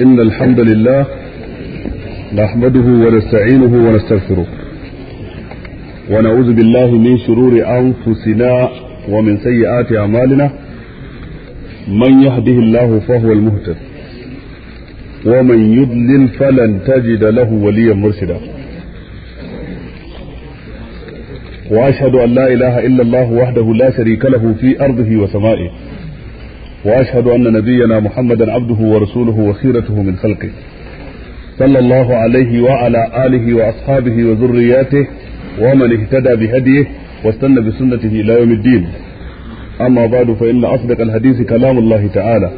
إن الحمد لله نحمده ونستعينه ونستغفره ونعوذ بالله من شرور أنفسنا ومن سيئات أعمالنا من يهده الله فهو المهتد ومن يضلل فلن تجد له وليا مرشدا وأشهد أن لا إله إلا الله وحده لا شريك له في أرضه وسمائه وأشهد أن نبينا محمدا عبده ورسوله وخيرته من خلقه صلى الله عليه وعلى آله وأصحابه وذرياته ومن اهتدى بهديه واستنى بسنته إلى يوم الدين أما بعد فإن أصدق الحديث كلام الله تعالى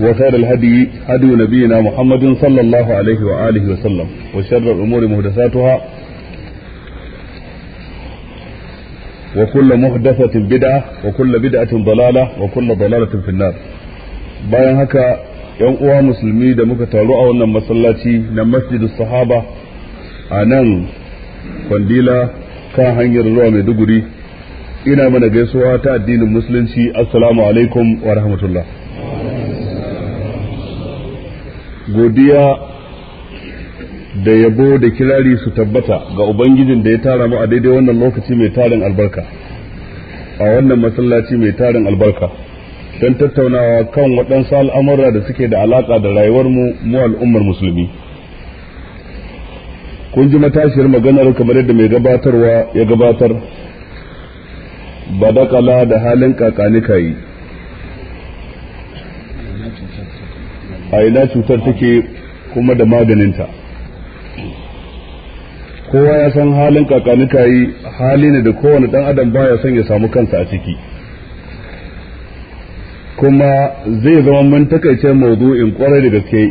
وخير الهدي هدي نبينا محمد صلى الله عليه وآله وسلم وشر الأمور محدثاتها وكل محدثة بدعة وكل بدعة ضلالة وكل ضلالة في النار bayan haka ‘yan uwa musulmi da muka taru a wannan masallaci na masjidin sahaba a nan kwandila kan hanyar zuwa maiduguri ina mana gaisuwa ta addinin musulunci assalamu alaikum wa rahmatullah godiya da yabo da kirari su tabbata ga ubangijin da ya tara mu a daidai wannan lokaci mai tarin albarka a wannan masallaci mai tarin albarka don tattaunawa kan waɗansu al'amura da suke da alaƙa da rayuwarmu mu al'ummar musulmi kun ji matashiyar maganar kamar yadda mai gabatarwa ya gabatar ba da da halin kakanika yi a ina cutar take kuma da maganinta kowa ya san halin kakanika yi hali ne da kowane dan adam baya son ya samu kansa a ciki kuma zai zama mun takaice maudu'in kwarai da gaske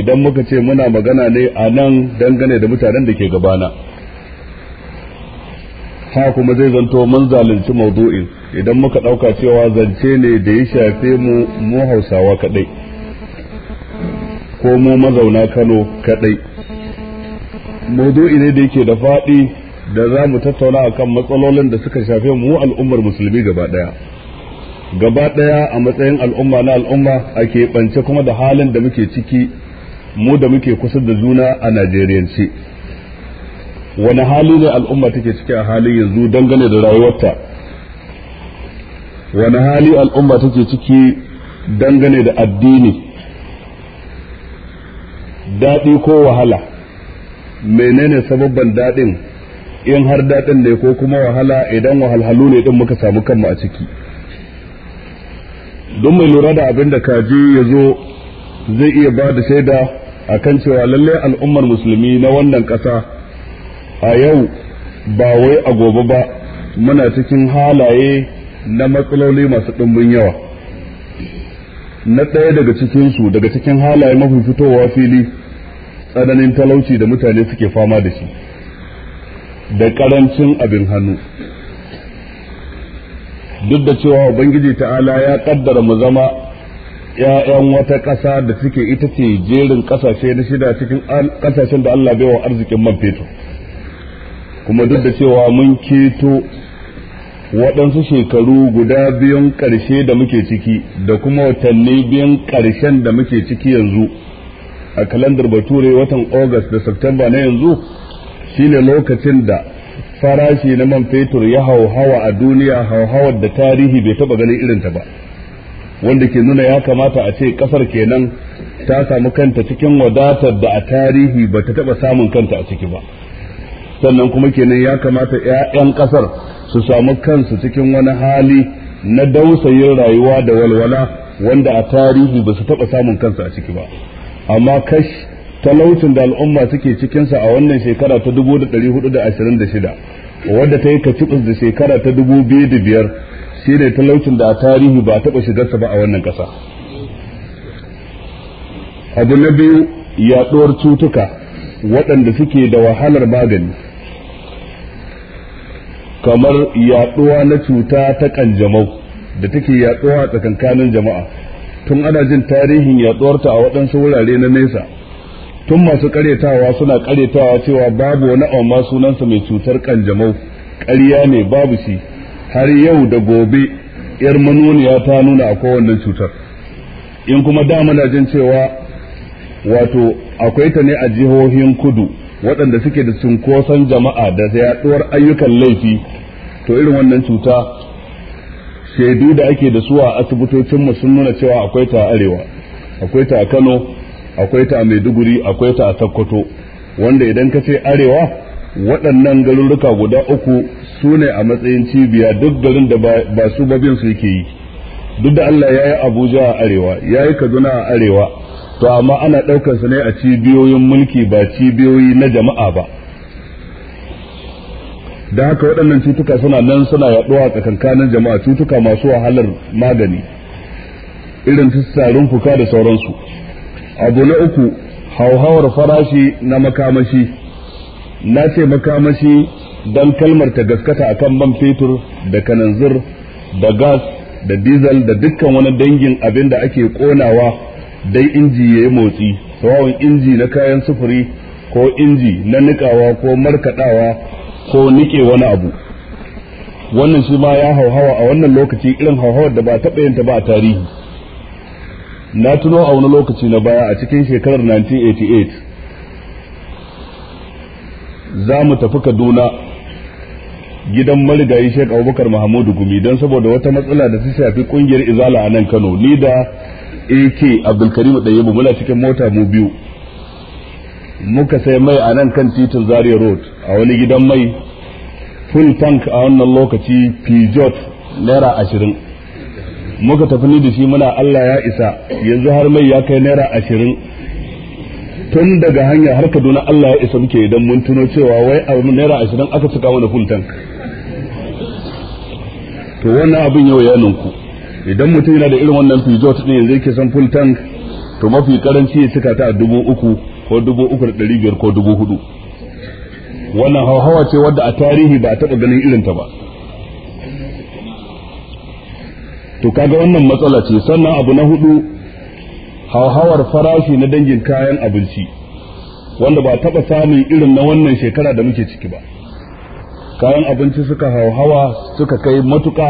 idan muka ce muna magana ne a nan dangane da mutanen da ke gabana ha kuma zai zanto mun zalunci maudu'in idan muka ɗauka cewa zance ne da ya shafe mu mu hausawa kaɗai ko mu mazauna kano kaɗai maudu'i ne da yake da faɗi da za mu tattauna kan matsalolin da suka shafe mu al'ummar musulmi gaba ɗaya gaba ɗaya a matsayin al'umma na al'umma a bance kuma da halin da muke ciki mu da muke kusa da juna a najeriyance wani hali ne al'umma take ciki a halin yanzu dangane da rayuwarta wani hali al'umma take ciki dangane da addini daɗi ko wahala menene sababban daɗin in har daɗin ne ko kuma wahala idan wahalhalu ne din muka samu kanmu a ciki don mai lura da abin da kaji ya zo zai iya ba da shaida a kan cewa lallai al'ummar musulmi na wannan ƙasa a yau ba wai a gobe ba muna cikin halaye na matsaloli masu ɗumbin yawa na ɗaya daga cikinsu daga cikin halaye mafi fitowa fili tsananin talauci da mutane suke fama da shi da karancin abin hannu duk da cewa ubangiji ta'ala ya kaddara mu zama ‘ya'yan wata ƙasa da suke ita ce jerin ƙasashe na shida cikin ƙasashen da Allah bai wa arzikin man fetur kuma duk da cewa mun keto waɗansu shekaru guda biyun ƙarshe da muke ciki da kuma watanni biyun ƙarshen da muke ciki yanzu a kalandar bature watan august da september na yanzu shine lokacin da farashi na man fetur ya hauhawa a duniya hauhawar da tarihi bai taba ganin irinta ba wanda ke nuna ya kamata a ce kasar kenan ta samu kanta cikin wadatar da a tarihi ba ta taba samun kanta a ciki ba sannan kuma kenan ya kamata 'ya'yan kasar su samu kansu cikin wani hali na dausayin rayuwa da walwala wanda a tarihi ba su taba samun kansu a ciki ba amma kash talaucin da al'umma suke cikinsa a wannan shekara ta 1426 wadda ta yi kacikus da shekara ta 2005 shi ne talaucin da a tarihi ba taɓa shigarsa ba a wannan ƙasa abu na biyu yaɗuwar cutuka waɗanda suke da wahalar magani kamar yaɗuwa na cuta ta ƙanjamau da take yaɗuwa a tsakankanin jama'a tun ana jin tarihin yaduwarta a waɗansu wurare na nesa tun masu karyatawa suna karyatawa cewa babu wani amma sunansa mai cutar kanjamau ƙarya ne babu shi har yau da gobe yar manoniya ta nuna a kowannan cutar in kuma da muna jin cewa wato akwai ta ne a jihohin kudu waɗanda suke da cunkoson jama'a da yaɗuwar ayyukan laifi to irin wannan cuta shaidu da ake da su a asibitocin sun nuna cewa akwai ta arewa akwai ta kano akwai ta maiduguri akwai ta a sokoto wanda idan ka ce arewa waɗannan garuruka guda uku su ne a matsayin cibiya duk garin da ba su babin su yake yi duk da Allah ya yi Abuja a arewa ya yi Kaduna a arewa to amma ana ɗaukar su ne a cibiyoyin mulki ba cibiyoyi na jama'a ba da haka waɗannan cutuka suna nan suna yaɗuwa a tsakankanin jama'a cutuka masu wahalar magani irin su tarin fuka da sauransu abu na uku hauhawar farashi na makamashi na ce makamashi don kalmar ta gaskata kan man fetur da kananzir da gas da dizal da dukkan wani dangin abin da ake konawa dai inji ya yi motsi tsawon inji na kayan sufuri ko inji na niƙawa ko markaɗawa ko nike wani abu wannan shi ma ya hauhawa a wannan lokaci irin hauhawar da ba taɓa yin ta ba a tarihi na tuno a wani lokaci na baya a cikin shekarar 1988 za mu tafi kaduna gidan marigayi shek abubakar mahamudu gumi don saboda wata matsala da su shafi kungiyar izala a nan kano ni da ak abdulkarim ɗayyabu muna cikin mota mu biyu muka sai mai a nan kan titin zaria road a wani gidan mai full tank a wannan lokaci pijot naira ashirin muka tafi ni da shi muna allah ya isa yanzu har mai ya kai naira ashirin tun daga hanya har kaduna allah ya isa muke idan mun tuno cewa wai a naira ashirin aka cika mana full tank to wannan abin yau ya ninku idan mutum yana da irin wannan pijot din yanzu yake son full tank to mafi karanci ya cika ta a dubu uku ko dubu uku da ɗari biyar ko dubu hudu wannan hauhawa ce wadda a tarihi ba a taɓa ganin irinta ba to kaga wannan matsala ce sannan abu na hudu hauhawar farashi na dangin kayan abinci wanda ba taɓa samun irin na wannan shekara da muke ciki ba kayan abinci suka hauhawa suka kai matuka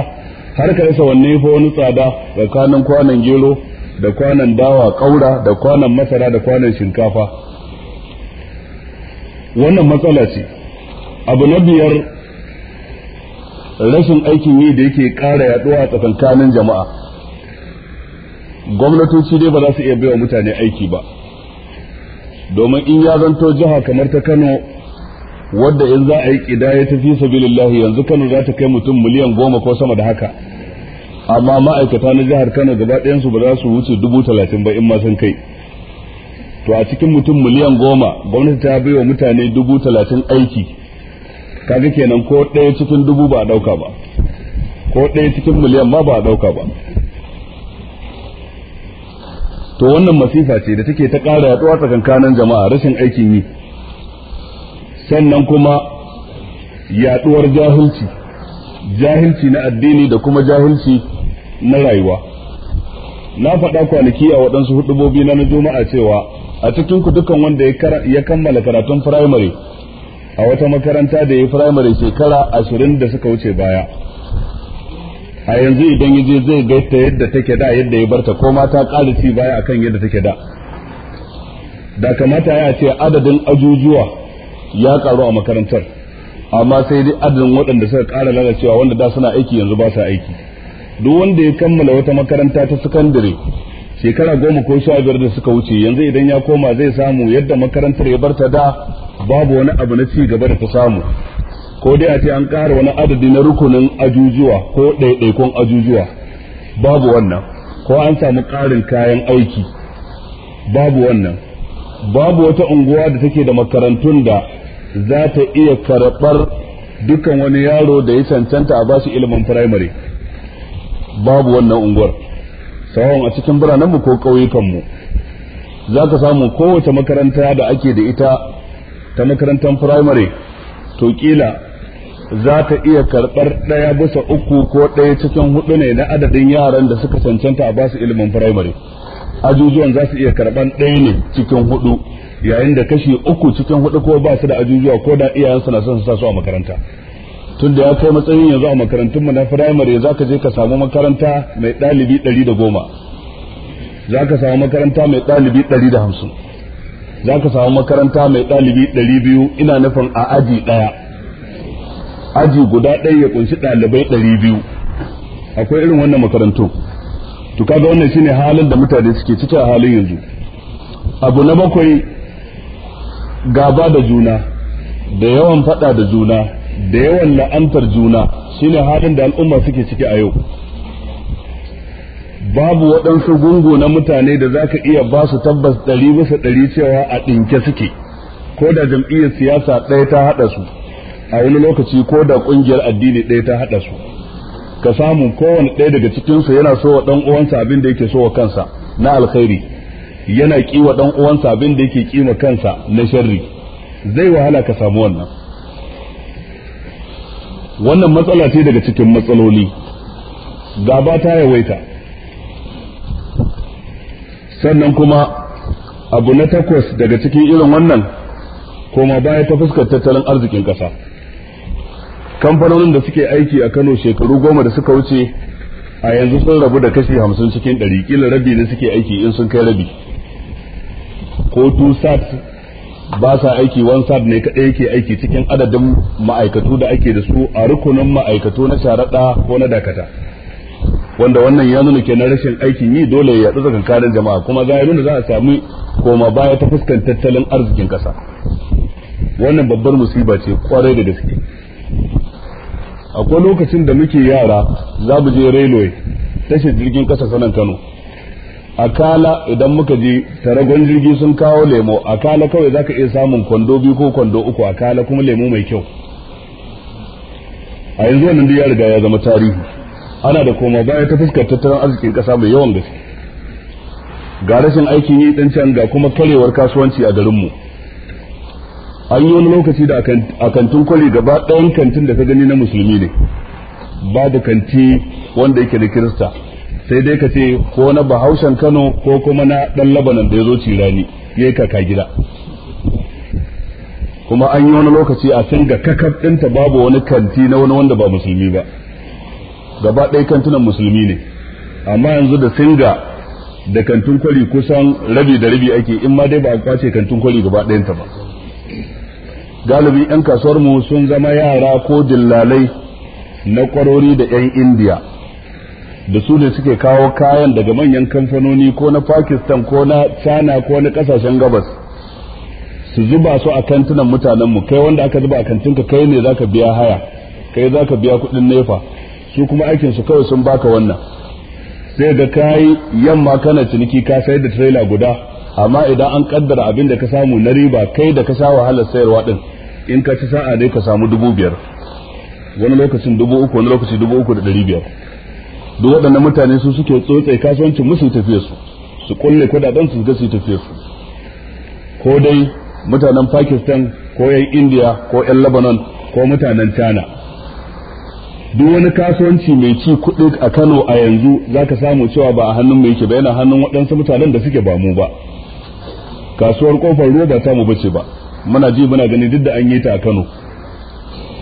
har ka rasa wanne fa wani tsada tsakanin kwanan gero da kwanan dawa kaura da kwanan masara da kwanan shinkafa wannan matsala ce abu na biyar rashin aikin yi da yake ƙara yaduwa a tsakankanin jama'a gwamnatoci dai ba za su iya baiwa mutane aiki ba domin in ya zanto jiha kamar ta kano wadda in za a yi ya ta fi sabilillahi yanzu kano za ta kai mutum miliyan goma ko sama da haka amma ma'aikata na jihar Kano gaba ɗayansu ba za su wuce dubu talatin ba in ma san kai to a cikin mutum miliyan goma gwamnati ta bai wa mutane dubu talatin aiki kaga kenan ko ɗaya cikin dubu ba a ɗauka ba ko ɗaya cikin miliyan ma ba a ɗauka ba to wannan masifa ce da take ta ƙara yaɗuwa tsakankanin jama'a rashin aikin yi sannan kuma yaɗuwar jahilci jahilci na addini da kuma jahilci na rayuwa na faɗa kwanaki a waɗansu hudubobi na na juma'a cewa a cikin ku dukan wanda ya kammala karatun firamare a wata makaranta da ya yi firamare shekara ashirin da suka wuce baya a yanzu idan ya je zai gaita yadda take da yadda ya barta ko ma ta ƙara ci baya akan yadda take da da kamata ya ce adadin ajujuwa ya ƙaru a makarantar amma sai dai adadin waɗanda suka ƙara lalacewa wanda da suna aiki yanzu ba sa aiki duk wanda ya kammala wata makaranta ta sakandare shekara goma ko sha biyar da suka wuce yanzu idan ya koma zai samu yadda makarantar ya bar barta da babu wani abu na ci gaba da ta samu ko dai a ce an ƙara wani adadi na rukunin ajujuwa ko ɗaiɗaikun ajujuwa babu wannan ko an samu ƙarin kayan aiki babu wannan babu wata unguwa da take da makarantun da za ta iya karɓar dukkan wani yaro da ya cancanta a bashi ilimin firamare babu wannan unguwar sawon a cikin biranenmu ko ƙauyukanmu za ka samu kowace makaranta da ake da ita ta makarantar firamare to kila za ta iya karɓar ɗaya bisa uku ko ɗaya cikin hudu ne na adadin yaran da suka cancanta a basu ilimin firamare ajujuwan za su iya karɓar ɗaya ne cikin hudu yayin da kashi uku cikin hudu ko ba su da ajujuwa ko da iyayensu na son su sasu a makaranta tun da ya kai matsayin yanzu a makarantun mu na firamare za ka je ka samu makaranta mai ɗalibi ɗari da goma za ka samu makaranta mai ɗalibi ɗari da hamsin za ka samu makaranta mai ɗalibi ɗari biyu ina nufin a aji ɗaya aji guda ɗaya ya kunshi ɗalibai ɗari biyu akwai irin wannan makarantun. to kaga wannan shine halin da mutane suke ciki a halin yanzu abu na bakwai gaba da juna da yawan faɗa da juna da yawan la'antar juna shine halin da al'umma suke ciki a yau babu waɗansu gungu na mutane da zaka iya ba su tabbas ɗari bisa ɗari cewa a ɗinke suke ko da jam'iyyar siyasa ɗaya ta haɗa su a wani lokaci ko da ƙungiyar addini ɗaya ta haɗa su ka samu kowane ɗaya daga cikinsu yana so wa ɗan uwansa abin da yake so wa kansa na alkhairi yana kiwa dan uwansa abin da yake kima kansa na sharri zai wahala ka samu wannan wannan matsala ce daga cikin matsaloli gaba ta yawaita sannan kuma abu na takwas daga cikin irin wannan koma baya ta fuskar tattalin arzikin ƙasa kamfanonin da suke aiki a kano shekaru goma da suka wuce a yanzu sun rabu da kashi hamsin cikin ɗari kila rabi ne suke aiki in sun kai rabi ko two sat ba sa aiki one sat ne kaɗai yake aiki cikin adadin ma'aikatu da ake da su a rukunin ma'aikatu na sharaɗa ko na dakata wanda wannan ya nuna kenan rashin aikin yi dole ya tsaka kankanin jama'a kuma za ya nuna za a sami koma baya ta fuskan tattalin arzikin kasa. wannan babbar musiba ce kwarai da gaske akwai lokacin da muke yara za mu je railway tashar jirgin kasa sanan kano akala idan muka je taragon jirgi sun kawo lemo akala kawai zaka iya samun kwando biyu ko kwando uku akala kuma lemo mai kyau a yanzu wannan ya riga ya zama tarihi ana da koma baya ta fuskar tattalin arzikin kasa mai yawan gaske ga rashin aikin yi dan can ga kuma karewar kasuwanci a garinmu an yi wani lokaci da a kantin kwari gaba ɗayan kantin da ka gani na musulmi ne ba da kanti wanda yake da kirista sai dai ka ce ko na bahaushen kano ko kuma na dan labanan da ya zo cirani ya yi kaka gida kuma an yi wani lokaci a can ga kakar ɗinta babu wani kanti na wani wanda ba musulmi ba gaba ɗaya kantunan musulmi ne amma yanzu da singa da kantun kwari kusan rabi da rabi ake in ma dai ba a kwace kantun kwari gaba ɗayanta ba galibi 'yan kasuwar mu sun zama yara ko dillalai na kwarori da 'yan indiya da su ne suke kawo kayan daga manyan kamfanoni ko na pakistan ko na china ko na kasashen gabas su zuba su a kantunan mutanenmu kai wanda aka zuba a kantinka kai ne zaka biya haya kai zaka biya kudin nefa su kuma aikin su kawai sun baka wannan sai da kayi yamma kana ciniki ka sai da trailer guda amma idan an kaddara abin da ka samu na riba kai da ka sa wahalar sayarwa din in ka ci sa'a ne ka samu dubu biyar wani lokacin dubu uku wani lokaci dubu uku da ɗari biyar duk waɗannan mutane su suke tsotse kasuwancin musu tafiye su su kulle kudaden su ga su tafiye su ko dai mutanen Pakistan ko yan India ko yan Lebanon ko mutanen China duk wani kasuwanci mai ci kuɗi a Kano a yanzu zaka samu cewa ba a hannun mai yake ba yana hannun waɗansu mutanen da suke ba mu ba kasuwar kofar ruwa ba ta bace ba muna ji muna gani duk da an yi ta a Kano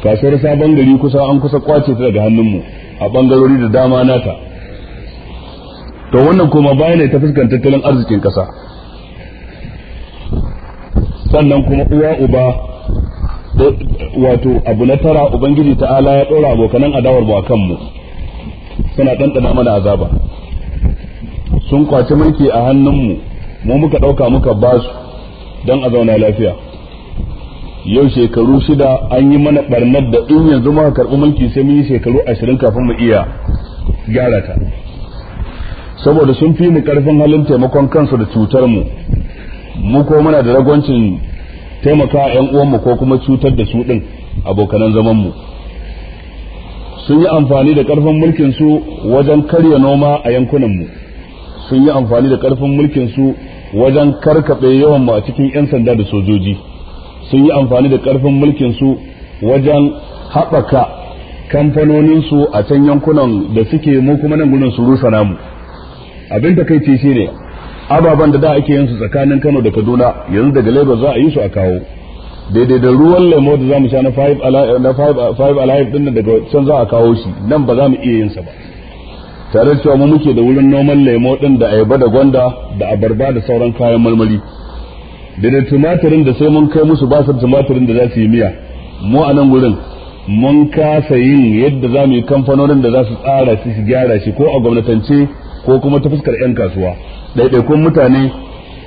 kasuwar sabon gari kusa an kusa kwace ta daga hannunmu a bangarori da dama nata to wannan kuma baya ne ta fuskan tattalin arzikin ƙasa, sannan kuma uwa uba wato abu na tara ubangiji ta'ala ya ɗora abokanan adawar mu a kanmu suna ɗanɗana mana azaba sun kwaci mulki a hannunmu mu muka ɗauka muka basu don a zauna lafiya yau shekaru shida an yi mana barnar da in yanzu muka karɓi mulki sai mun yi shekaru ashirin kafin mu iya gyara ta saboda sun fi ni karfin halin taimakon kansu da cutar mu mu ko muna da ragwancin taimaka yan uwanmu ko kuma cutar da su din abokanan zaman mu sun yi amfani da karfin mulkin su wajen karya noma a yankunan mu sun yi amfani da karfin mulkin su wajen karkaɓe yawan mu a cikin yan sanda da sojoji sun yi amfani da karfin mulkin su wajen haɓaka kamfanonin su a can yankunan da suke mu kuma nan gurin su rusa namu abin da kai ce ne. ababen da da ake yin su tsakanin Kano da Kaduna yanzu daga Lagos za a yi su a kawo daidai da ruwan lemo da zamu sha na five alive na daga can za a kawo shi nan ba za mu iya yin sa ba tare da cewa mu muke da wurin noman lemo din da ayaba da gwanda da abarba da sauran kayan marmari da da tumatirin da sai mun kai musu basar tumatirin da za su yi miya mu a nan gurin mun kasa yin yadda za mu yi kamfanonin da za su tsara shi su gyara shi ko a gwamnatance ko kuma ta fuskar 'yan kasuwa ɗaiɗaikun mutane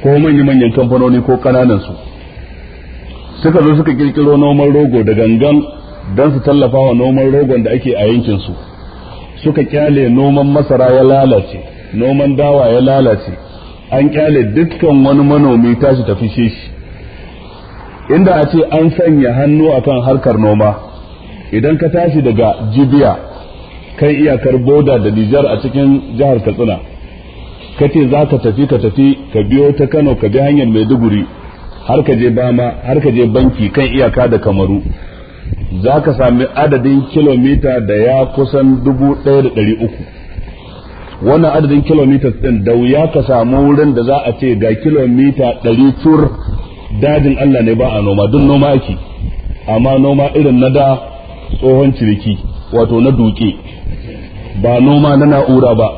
ko manya-manyan kamfanoni ko ƙananansu suka zo suka kirkiro noman rogo da gangan don su tallafa wa noman rogon da ake a yankinsu suka kyale noman masara ya lalace noman dawa ya lalace an kyale dukkan wani manomi tashi tafi shi inda a ce an sanya hannu akan harkar noma idan ka tashi daga jibiya kan iyakar boda da nijar a cikin jihar katsina ka ce za ka tafi ka tafi ka biyo ta kano ka bi hanyar maiduguri har ka je bama har ka je banki kan iyaka da kamaru za ka sami adadin kilomita da ya kusan dubu ɗaya da ɗari uku wannan adadin kilometers din da wuya ka samu wurin da za a ce ga kilomita ɗari tur dajin Allah ne ba a noma duk noma ake amma noma irin na da tsohon ciriki wato na duke ba noma na na'ura ba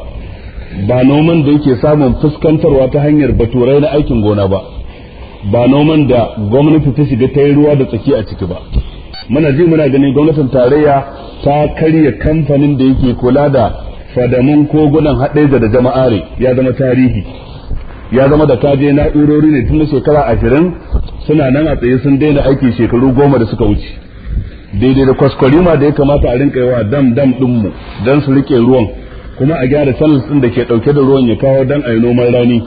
ba noman da yake samun fuskantarwa ta hanyar baturai na aikin gona ba ba noman da gwamnati ta shiga ta yi ruwa da tsaki a ciki ba muna ji muna ganin gwamnatin tarayya ta karya kamfanin da yake kula da Fadamun kogunan haɗeja da ne ya zama tarihi ya zama da kaje na'urori ne tun shekara ashirin suna nan a tsaye sun daina aiki shekaru goma da suka wuce daidai da kwaskwarima da ya kamata a rinka yawa dam dam ɗinmu don su rike ruwan kuma a gyara salas ɗin da ke ɗauke da ruwan ya kawo don a yi noman rani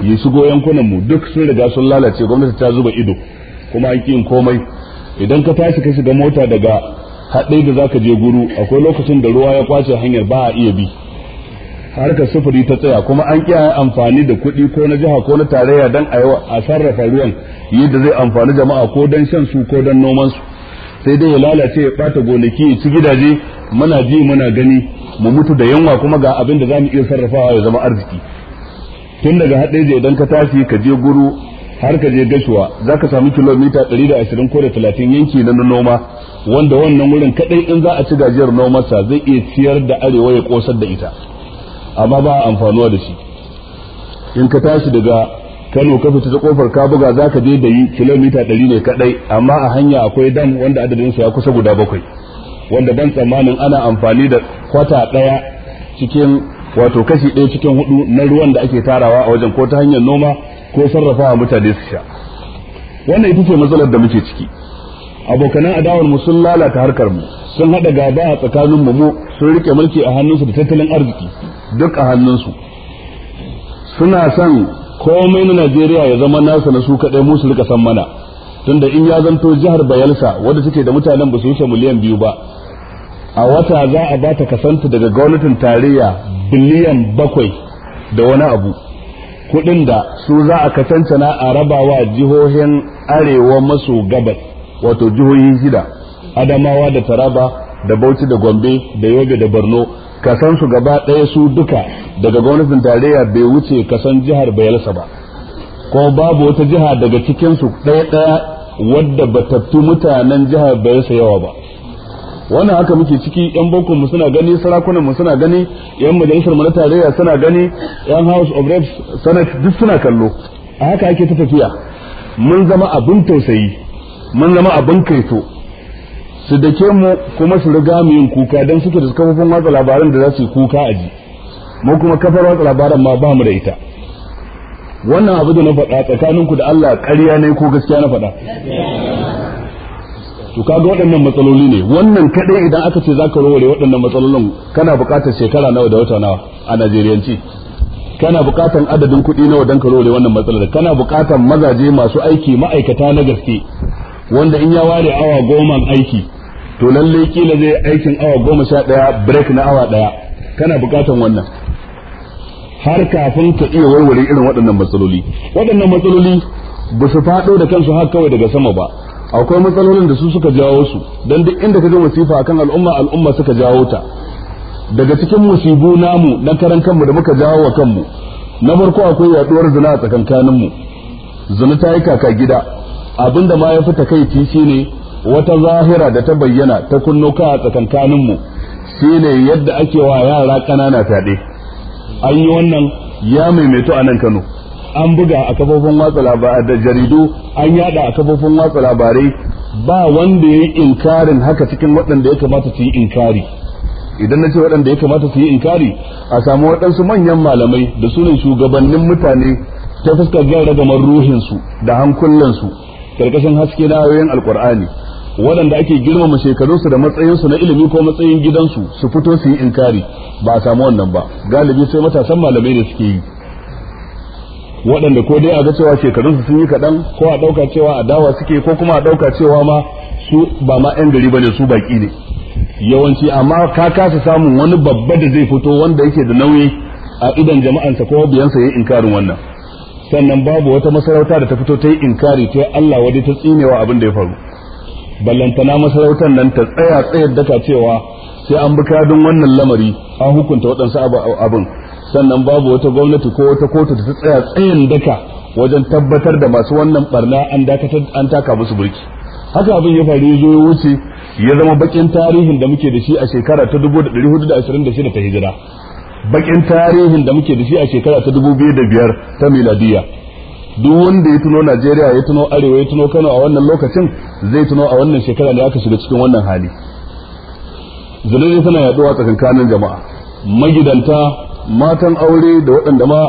ya su yankunan mu duk sun riga sun lalace gwamnati ta zuba ido kuma an ƙi komai idan ka tashi ka shiga mota daga haɗai da za ka je guru akwai lokacin da ruwa ya kwace hanyar ba a iya bi harkar sufuri ta tsaya kuma an kiya amfani da kuɗi ko na jiha ko na tarayya don a sarrafa ruwan yadda zai amfani jama'a ko don shan su ko don nomansu. sai dai ya lalace ya ɓata gonaki ya ci gidaje muna ji muna gani mu mutu da yunwa kuma ga abin da za mu iya sarrafawa ya zama arziki tun daga da idan ka tashi ka je guru har ka je gashuwa za ka sami kilomita da ashirin ko da talatin yanki na noma wanda wannan wurin kadai in za a ci gajiyar nomarsa zai iya ciyar da arewa ya kosar da ita amma ba a amfanuwa da shi in ka tashi daga kano ka fita ta kofar ka buga za ka je da yi kilomita ɗari ne kadai amma a hanya akwai dan wanda adadinsa ya kusa guda bakwai wanda ban tsammanin ana amfani da kwata ɗaya cikin wato kashi ɗaya cikin hudu na ruwan da ake tarawa a wajen ko ta hanyar noma ko sarrafawa mutane su sha wannan ita ce matsalar da muke ciki abokanan adawar mu sun lalata harkar mu sun hada gaba a tsakanin mu sun rike mulki a hannunsu da tattalin arziki duk a hannunsu suna son komai na Najeriya ya zama nasa na su kadai mu su rika san mana tunda in ya zanto jihar Bayelsa wadda take da mutanen ba su wuce miliyan biyu ba a wata za a bata kasanta daga gwamnatin tarayya biliyan bakwai da wani abu kuɗin da su za a kasance na a rabawa jihohin arewa maso gabas wato jihohi shida adamawa da taraba da bauchi da gombe da yobe da borno kasan su gaba ɗaya su duka daga gwamnatin tarayya bai wuce kasan jihar bayelsa ba ko babu wata jiha daga cikin su ɗaya ɗaya wadda batattu mutanen jihar bayelsa yawa ba wannan haka muke ciki yan boko mu suna gani sarakunan mu suna gani yan majalisar mu na tarayya suna gani yan house of reps senate duk suna kallo a haka ake ta tafiya mun zama abin tausayi mun zama abin kaito su dake mu kuma su riga mu yin kuka don suke da kafofin watsa labaran da za su yi kuka a ji mu kuma kafar watsa labaran ma ba mu da ita wannan abu da na faɗa tsakaninku da Allah ƙarya ne ko gaskiya na faɗa to kaga waɗannan matsaloli ne wannan kadai idan aka ce zaka warware waɗannan matsalolin kana buƙatar shekara nawa da wata nawa a Najeriyanci kana buƙatar adadin kuɗi nawa don ka warware wannan matsalar kana buƙatar mazaje masu aiki ma'aikata na gaske wanda in ya ware awa goma aiki to lallai kila zai aikin awa goma sha ɗaya break na awa ɗaya kana bukatan wannan har kafin ka iya warware irin waɗannan matsaloli waɗannan matsaloli ba su faɗo da kansu har kawai daga sama ba akwai matsalolin da su suka jawo su don duk inda ka ji wasifa akan al'umma al'umma suka jawo ta daga cikin musibu namu na karan kanmu da muka jawo wa kanmu na farko akwai yaduwar zina a mu. zina ta yi kaka gida abinda ma ya fi takaici shine wata zahira da ta bayyana ta kunno ka tsakankanin mu shine yadda ake wa yara kanana fyaɗe an yi wannan ya maimaito a nan Kano an buga a kafofin watsa labarai da jaridu an yada a kafofin watsa labarai ba wanda ya yi inkarin haka cikin waɗanda ya kamata su yi inkari idan na ce waɗanda ya kamata su yi inkari a samu waɗansu manyan malamai da sunan shugabannin mutane ta fuskar jan ragamar ruhinsu da hankulansu karkashin haske na ayoyin alkur'ani waɗanda ake girmama shekarunsu da matsayinsu na ilimi ko matsayin gidansu su fito su yi inkari ba a samu wannan ba galibi sai matasan malamai da suke yi waɗanda ko dai a ga cewa shekarunsu sun yi kaɗan ko a ɗauka cewa adawa suke ko kuma a ɗauka cewa ma su ba ma 'yan gari ba ne su baƙi ne yawanci amma ka kasa samun wani babba da zai fito wanda yake da nauyi a idan jama'ansa ko biyansa ya inkarin wannan sannan babu wata masarauta da ta fito ta yi inkari ta Allah wadda ta tsinewa abin da ya faru ballantana masarautar nan ta tsaya tsayar daka cewa sai an bi kadin wannan lamari an hukunta waɗansu abin sannan babu wata gwamnati ko wata kotu da ta tsaya tsayin daka wajen tabbatar da masu wannan barna an dakatar an taka musu burki haka abin ya faru zo ya wuce ya zama bakin tarihin da muke da shi a shekara ta 1426 ta hijira bakin tarihin da muke da shi a shekara ta dubu biyu da biyar ta miladiya duk wanda ya tuno Najeriya ya tuno Arewa ya tuno Kano a wannan lokacin zai tuno a wannan shekara da aka shiga cikin wannan hali zulumi tana yaduwa tsakankanin jama'a magidanta matan aure da waɗanda ma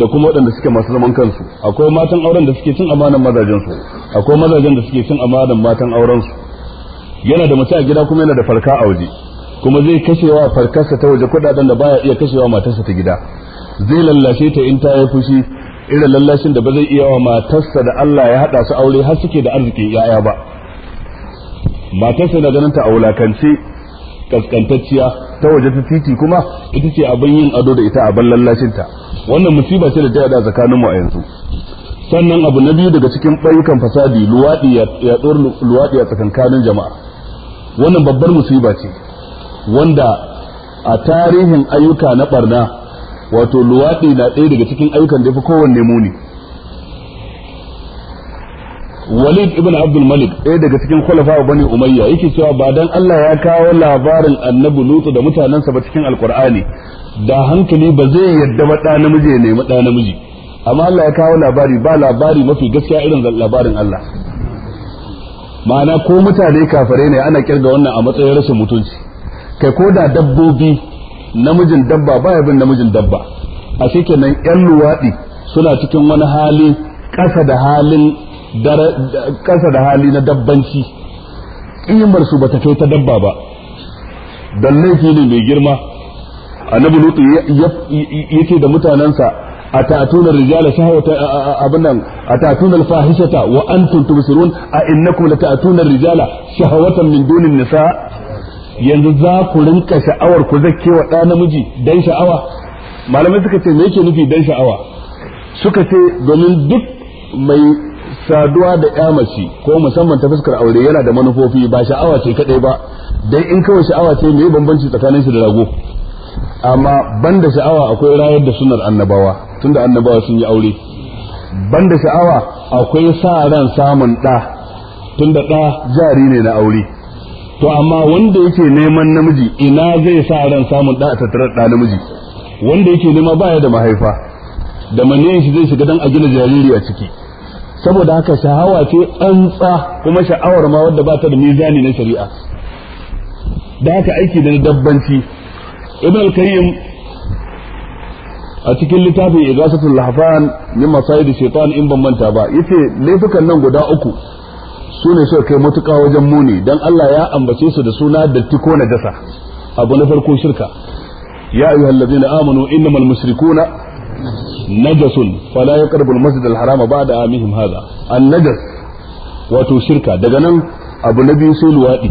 da kuma waɗanda suke masu zaman kansu akwai matan auren da suke cin amanan mazajen su akwai mazajen da suke cin amanan matan auren su yana da mace a gida kuma yana da farka a waje kuma zai kashewa farkarsa ta waje kudaden da baya iya kashewa matarsa ta gida zai lallashe ta in ta yi fushi irin lallashin da ba zai iya wa matarsa da Allah ya hada su aure har suke da arziki yaya ba matarsa na ganin ta a wulakance kaskantacciya ta waje ta titi kuma ita ce abin yin ado da ita a ban lallashin ta wannan musiba ce da ta yada mu a yanzu sannan abu na biyu daga cikin ɓayukan fasadi luwaɗi ya a tsakankanin jama'a wannan babbar musiba ce wanda a tarihin ayyuka na barna wato luwaɗi na ɗaya daga cikin ayyukan da fi kowanne muni Walid ibn Abdul Malik ɗaya daga cikin wa bani Umayya yake cewa ba dan Allah ya kawo labarin Annabi Lutu da mutanensa ba cikin Alkur'ani da hankali ba zai yadda ba ɗa namiji ya nemi ɗa namiji amma Allah ya kawo labari ba labari mafi gaskiya irin labarin Allah ma'ana ko mutane kafare ne ana kirga wannan a matsayin rashin mutunci kai ko da dabbobi namijin dabba ya bin namijin dabba a shi kenan yan luwaɗi suna cikin wani hali ƙasa da halin ƙasa da hali na dabbanci ƙimar su bata kai ta dabba ba dan laifi ne mai girma annabi lutu yake da mutanensa a tatunar rijala shahawata abin nan a tatunar fahishata wa antum tubsirun a innakum la tatunar rijala shahawatan min dunin nisa' yanzu za ku rinka sha'awar ku zake wa ɗa namiji dan sha'awa malamai suka ce me yake nufi dan sha'awa suka ce domin duk mai saduwa da ya mace ko musamman ta fuskar aure yana da manufofi ba sha'awa ce kadai ba Don in kawai sha'awa ce me bambanci tsakanin shi da rago amma banda sha'awa akwai rayar da sunar annabawa tunda annabawa sun yi aure banda sha'awa akwai sa ran samun ɗa tunda ɗa jari ne na aure to amma wanda yake neman namiji ina zai sa ran samun da tattarar da namiji wanda yake nema baya da mahaifa da maniyan shi zai shiga dan a gina jariri a ciki saboda haka shahawa ce tsa kuma sha'awar ma wadda ba ta da mizani na shari'a da haka aiki da na dabbanci ibn al kayyim a cikin littafin igasatul lahfan min masaid shaitan in ban manta ba yace laifukan nan guda uku su ne suka kai matuƙa wajen muni dan Allah ya ambace su da suna datti ko najasa abu na farko shirka ya ayyuhal ladina amanu innamal mushrikuna najasun fala yaqrabu al masjid harama ba'da amihim hadha an najas wato shirka daga nan abu na biyu sai luwadi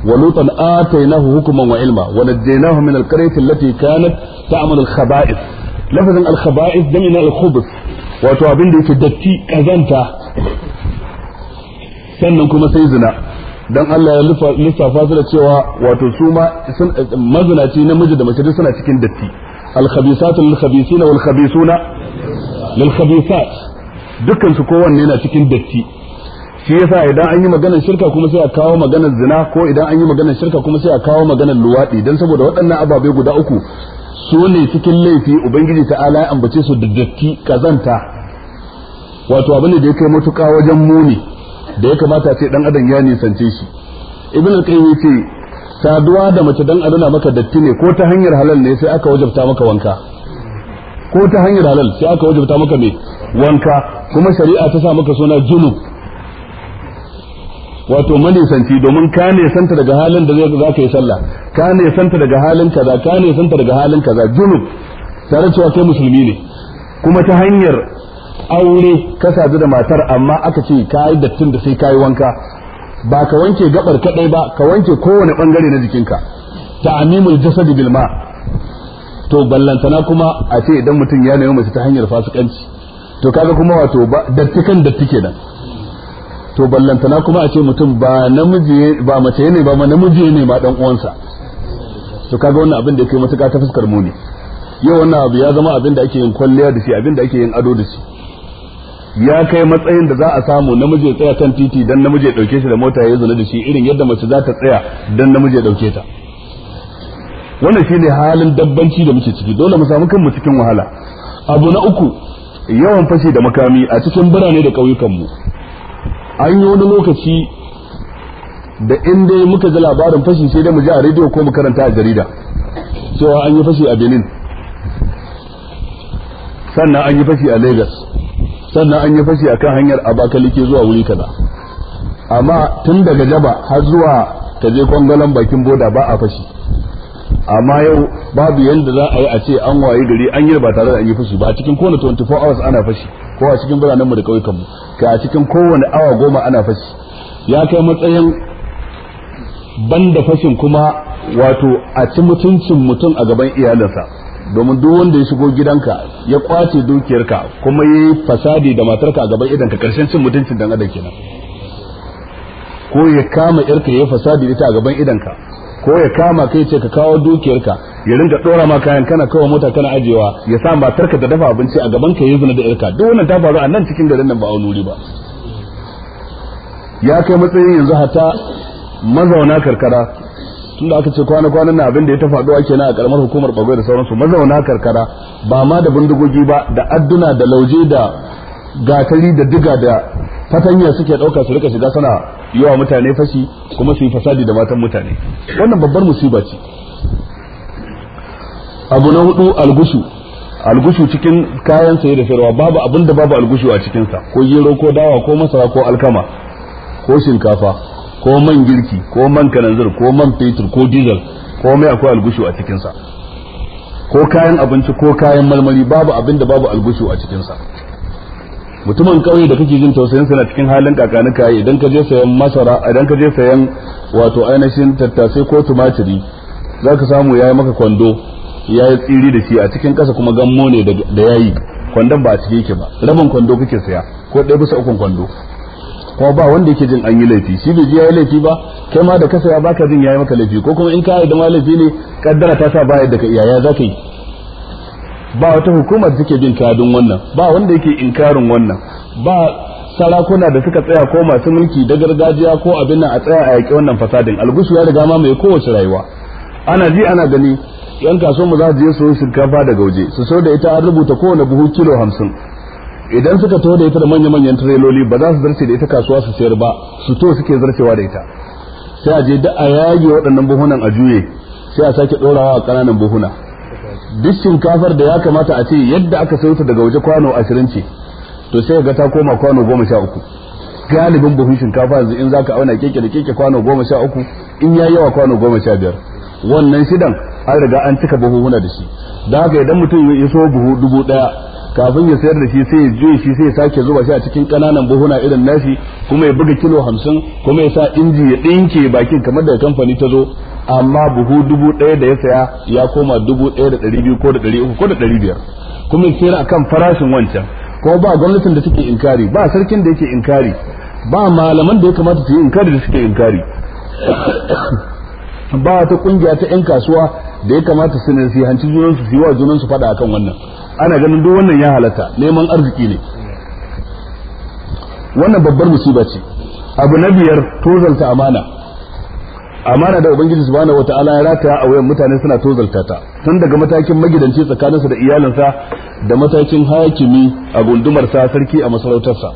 ولوطا آتيناه حكما وعلما ونجيناه من القرية التي كانت تعمل الخبائث لفظ الخبائث جمعنا الخبث wato abin da yake datti kazanta sannan kuma sai zina dan Allah ya lissafa su da cewa wato su ma mazinaci namiji da mace suna cikin datti al-khabisatu lil-khabisina wal dukkan su kowanne yana cikin datti shi yasa idan an yi maganar shirka kuma sai a kawo maganar zina ko idan an yi maganar shirka kuma sai a kawo maganar luwaɗi dan saboda waɗannan ababe guda uku su ne cikin laifi ubangiji ta'ala ya ambace su da datti kazanta wato abin da ya kai matuƙa wajen muni da ya kamata ce dan adam ya nisance shi ibn al-qayyim yace saduwa da mace dan adana maka datti ne ko ta hanyar halal ne sai aka wajabta maka wanka ko ta hanyar halal sai aka wajabta maka me wanka kuma shari'a ta sa maka suna junub wato manisanci domin ka ne santa daga halin da za ka yi sallah ka ne santa daga halin kaza ka ne santa daga halin kaza junub tare cewa kai musulmi ne kuma ta hanyar aure ka sadu da matar amma aka ce ka yi dattin da sai ka yi wanka ba ka wanke gabar kadai ba ka wanke kowane bangare na jikinka ta'amimul jasadi bil ma to ballantana kuma a ce idan mutum ya nemi mace ta hanyar fasikanci to kaga kuma wato ba datti kan datti kenan to ballantana kuma a ce mutum ba namiji ba mace ne ba ma namiji ne ba dan uwansa to kaga wannan abin da yake matuƙa ta fuskar mu ne yau wannan abu ya zama abin da ake yin kwalliya da shi abin da ake yin ado da shi ya kai matsayin da za a samu namiji ya tsaya kan titi dan namiji ya dauke shi da mota ya zuna da shi irin yadda mace za ta tsaya dan namiji ya dauke ta wannan shine halin dabbanci da muke ciki dole mu samu kanmu cikin wahala abu na uku yawan fashe da makami a cikin birane da ƙauyukanmu an yi wani lokaci da in dai muka ji labarin fashi sai dai mu ji a rediyo ko mu karanta a jarida cewa an yi fashi a benin sannan an yi fashi a lagos sannan an yi fashi kan hanyar liki zuwa wuri kaza amma tun daga jaba har zuwa ta je kwangalan bakin boda ba a fashi amma yau babu yadda za a yi a ce an wayi gari an yi ba tare da an yi fashi ba a cikin kowane 24 hours ana fashi ko a cikin biranen mu da kauyukan mu ka a cikin kowane awa goma ana fashi ya kai matsayin banda fashin kuma wato a ci mutuncin mutum a gaban iyalinsa domin duk wanda ya shigo gidanka ya kwace dukiyarka kuma yi fasadi da matarka a gaban idan ka karshen cin mutuncin dan adam kenan ko ya kama yarka yi fasadi ita a gaban idan ko ya kama kai ce ka kawo dukiyarka ya rinka dora ma kayan kana kawo mota kana ajewa ya sa matarka da dafa abinci a gaban ka yi zina da yarka duk wannan ta faru a nan cikin garin nan ba a wuri ba ya kai matsayin yanzu hata mazauna karkara da aka ce kwana kwanan na abin da ya ta faɗo kenan a karamar hukumar bagwai da sauransu mazauna karkara ba ma da bindigogi ba da adduna da lauje da gatari da diga da fatanya suke ɗauka su rika shiga sana yi wa mutane fashi kuma su yi fasadi da matan mutane wannan babbar musiba ce abu na hudu algushu algushu cikin kayan saye da sayarwa babu abin da babu algushu a cikinsa ko gero ko dawa ko masara ko alkama ko shinkafa ko man girki ko man kananzir ko man fetur ko diesel ko mai akwai algushu a cikinsa ko kayan abinci ko kayan marmari babu abin da babu algushu a cikinsa mutumin kauye da kake jin tausayin sa na cikin halin kakani kai idan ka je sayan masara idan ka je sayan wato ainihin tattasai ko tumatiri zaka samu yayi maka kwando yayi tsiri da shi a cikin kasa kuma gammo ne da yayi kwandon ba a cike yake ba rabin kwando kake saya ko ɗaya bisa ukun kwando ko ba wanda yake jin an yi laifi shi bai ji yayi laifi ba kai ma da kasa ya baka jin yayi maka laifi ko kuma in ka yi da ma laifi ne kaddara ta sa ba da ka iyaya zaka yi ba wata hukumar take ka kadin wannan ba wanda yake inkarin wannan ba sarakuna da suka tsaya ko masu mulki da gargajiya ko abin nan a tsaya a yaƙi wannan fasadin algusu ya riga ma mai kowace rayuwa ana ji ana gani yan kaso mu za su je su shinkafa daga waje su so da ita an rubuta kowane buhu kilo hamsin idan suka to da ita da manya-manyan tireloli ba za su zarce da ita kasuwa su sayar ba su to suke zarcewa da ita sai a je da a yage waɗannan buhunan a juye sai a sake ɗorawa a ƙananan buhuna duk shinkafar da ya kamata a ce yadda aka sayo ta daga waje kwano ashirin ce to sai ga ta koma kwano goma sha uku galibin buhun shinkafa yanzu in zaka auna keke da keke kwano goma sha uku in ya yawa kwano goma sha biyar wannan shidan an riga an cika buhuhuna da shi da haka idan mutum ya so buhu dubu ɗaya kafin ya sayar da shi sai ya shi sai ya sake zuba shi a cikin kananan buhuna irin nashi kuma ya buga kilo hamsin kuma ya sa inji ya ɗinke bakin kamar da kamfani ta zo amma buhu dubu ɗaya da ya saya ya koma dubu ɗaya da ɗari biyu ko da ɗari uku ko da ɗari biyar kuma ya sayar akan farashin wancan kuma ba gwamnatin da take inkari ba sarkin da yake inkari ba malaman da ya kamata su yi inkari da suke inkari ba ta kungiya ta 'yan kasuwa da ya kamata su hanci junansu su yi wa junansu faɗa akan wannan ana ganin duk wannan ya halatta neman arziki ne wannan babbar musiba ce abu na biyar tozalta amana amana da ubangiji subhanahu wataala ya rataya a wayan mutane suna tozalta ta tun daga matakin magidanci tsakaninsa da iyalinsa da matakin hakimi a gundumarsa sarki a masarautarsa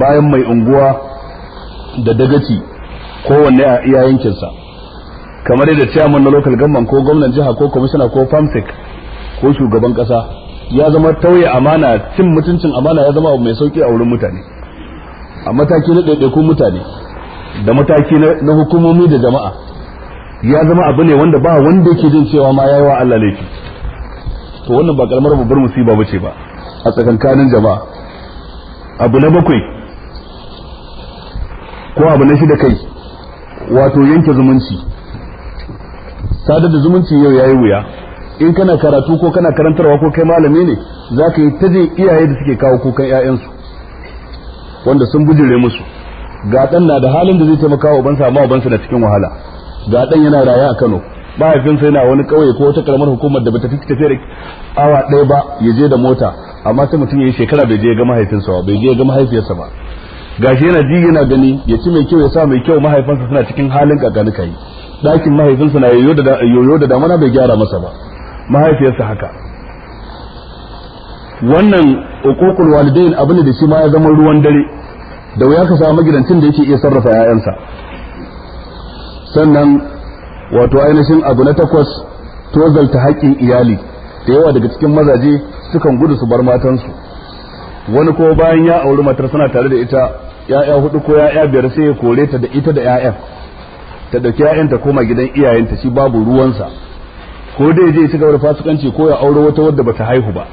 bayan mai unguwa da dagaci kowanne a iya yankinsa kamar yadda ciyaman na local government ko gwamnan jiha ko kwamishina ko famsec ko shugaban kasa ya zama tauye amana cin mutuncin amana ya zama abu mai sauki a wurin mutane a mataki na ɗaiɗaikun mutane da mataki na hukumomi da jama'a ya zama abu ne wanda ba wanda yake jin cewa ma yayi wa Allah laifi to wannan ba kalmar babbar musiba bace ba a tsakankanin jama'a abu na bakwai ko abu na shida kai wato yanke zumunci sadar da zumunci yau ya yi wuya in kana karatu ko kana karantarwa ko kai malami ne za ka yi ta jin iyaye da suke kawo kukan 'ya'yansu wanda sun bujire musu ga ɗan na da halin da zai taimaka wa ubansa amma ubansa na cikin wahala ga ɗan yana raya a Kano mahaifinsa yana wani ƙauye ko wata karamar hukumar da bata fita tafiya awa ɗaya ba ya je da mota amma sai mutum ya yi shekara bai je ga mahaifinsa ba bai je ga mahaifiyarsa ba gashi yana ji yana gani ya ci mai kyau ya sa mai kyau mahaifinsa suna cikin halin kakanikai ɗakin mahaifinsa na yoyo da damana bai gyara masa ba mahaifiyarsa haka wannan uququl walidain abin da shi ma ya zama ruwan dare da wuya ka samu gidancin da yake iya sarrafa 'ya'yansa sannan wato ainihin abu na takwas tozalta haƙƙin iyali da yawa daga cikin mazaje sukan gudu su bar matansu wani ko bayan ya auri matar suna tare da ita ya'ya hudu ko ya'ya biyar sai ya kore ta da ita da ya'yan ta dauki ya'yan ta koma gidan iyayenta shi babu ruwansa ko dai je ci gaba da fasikanci ko ya auro wata wadda bata haihu ba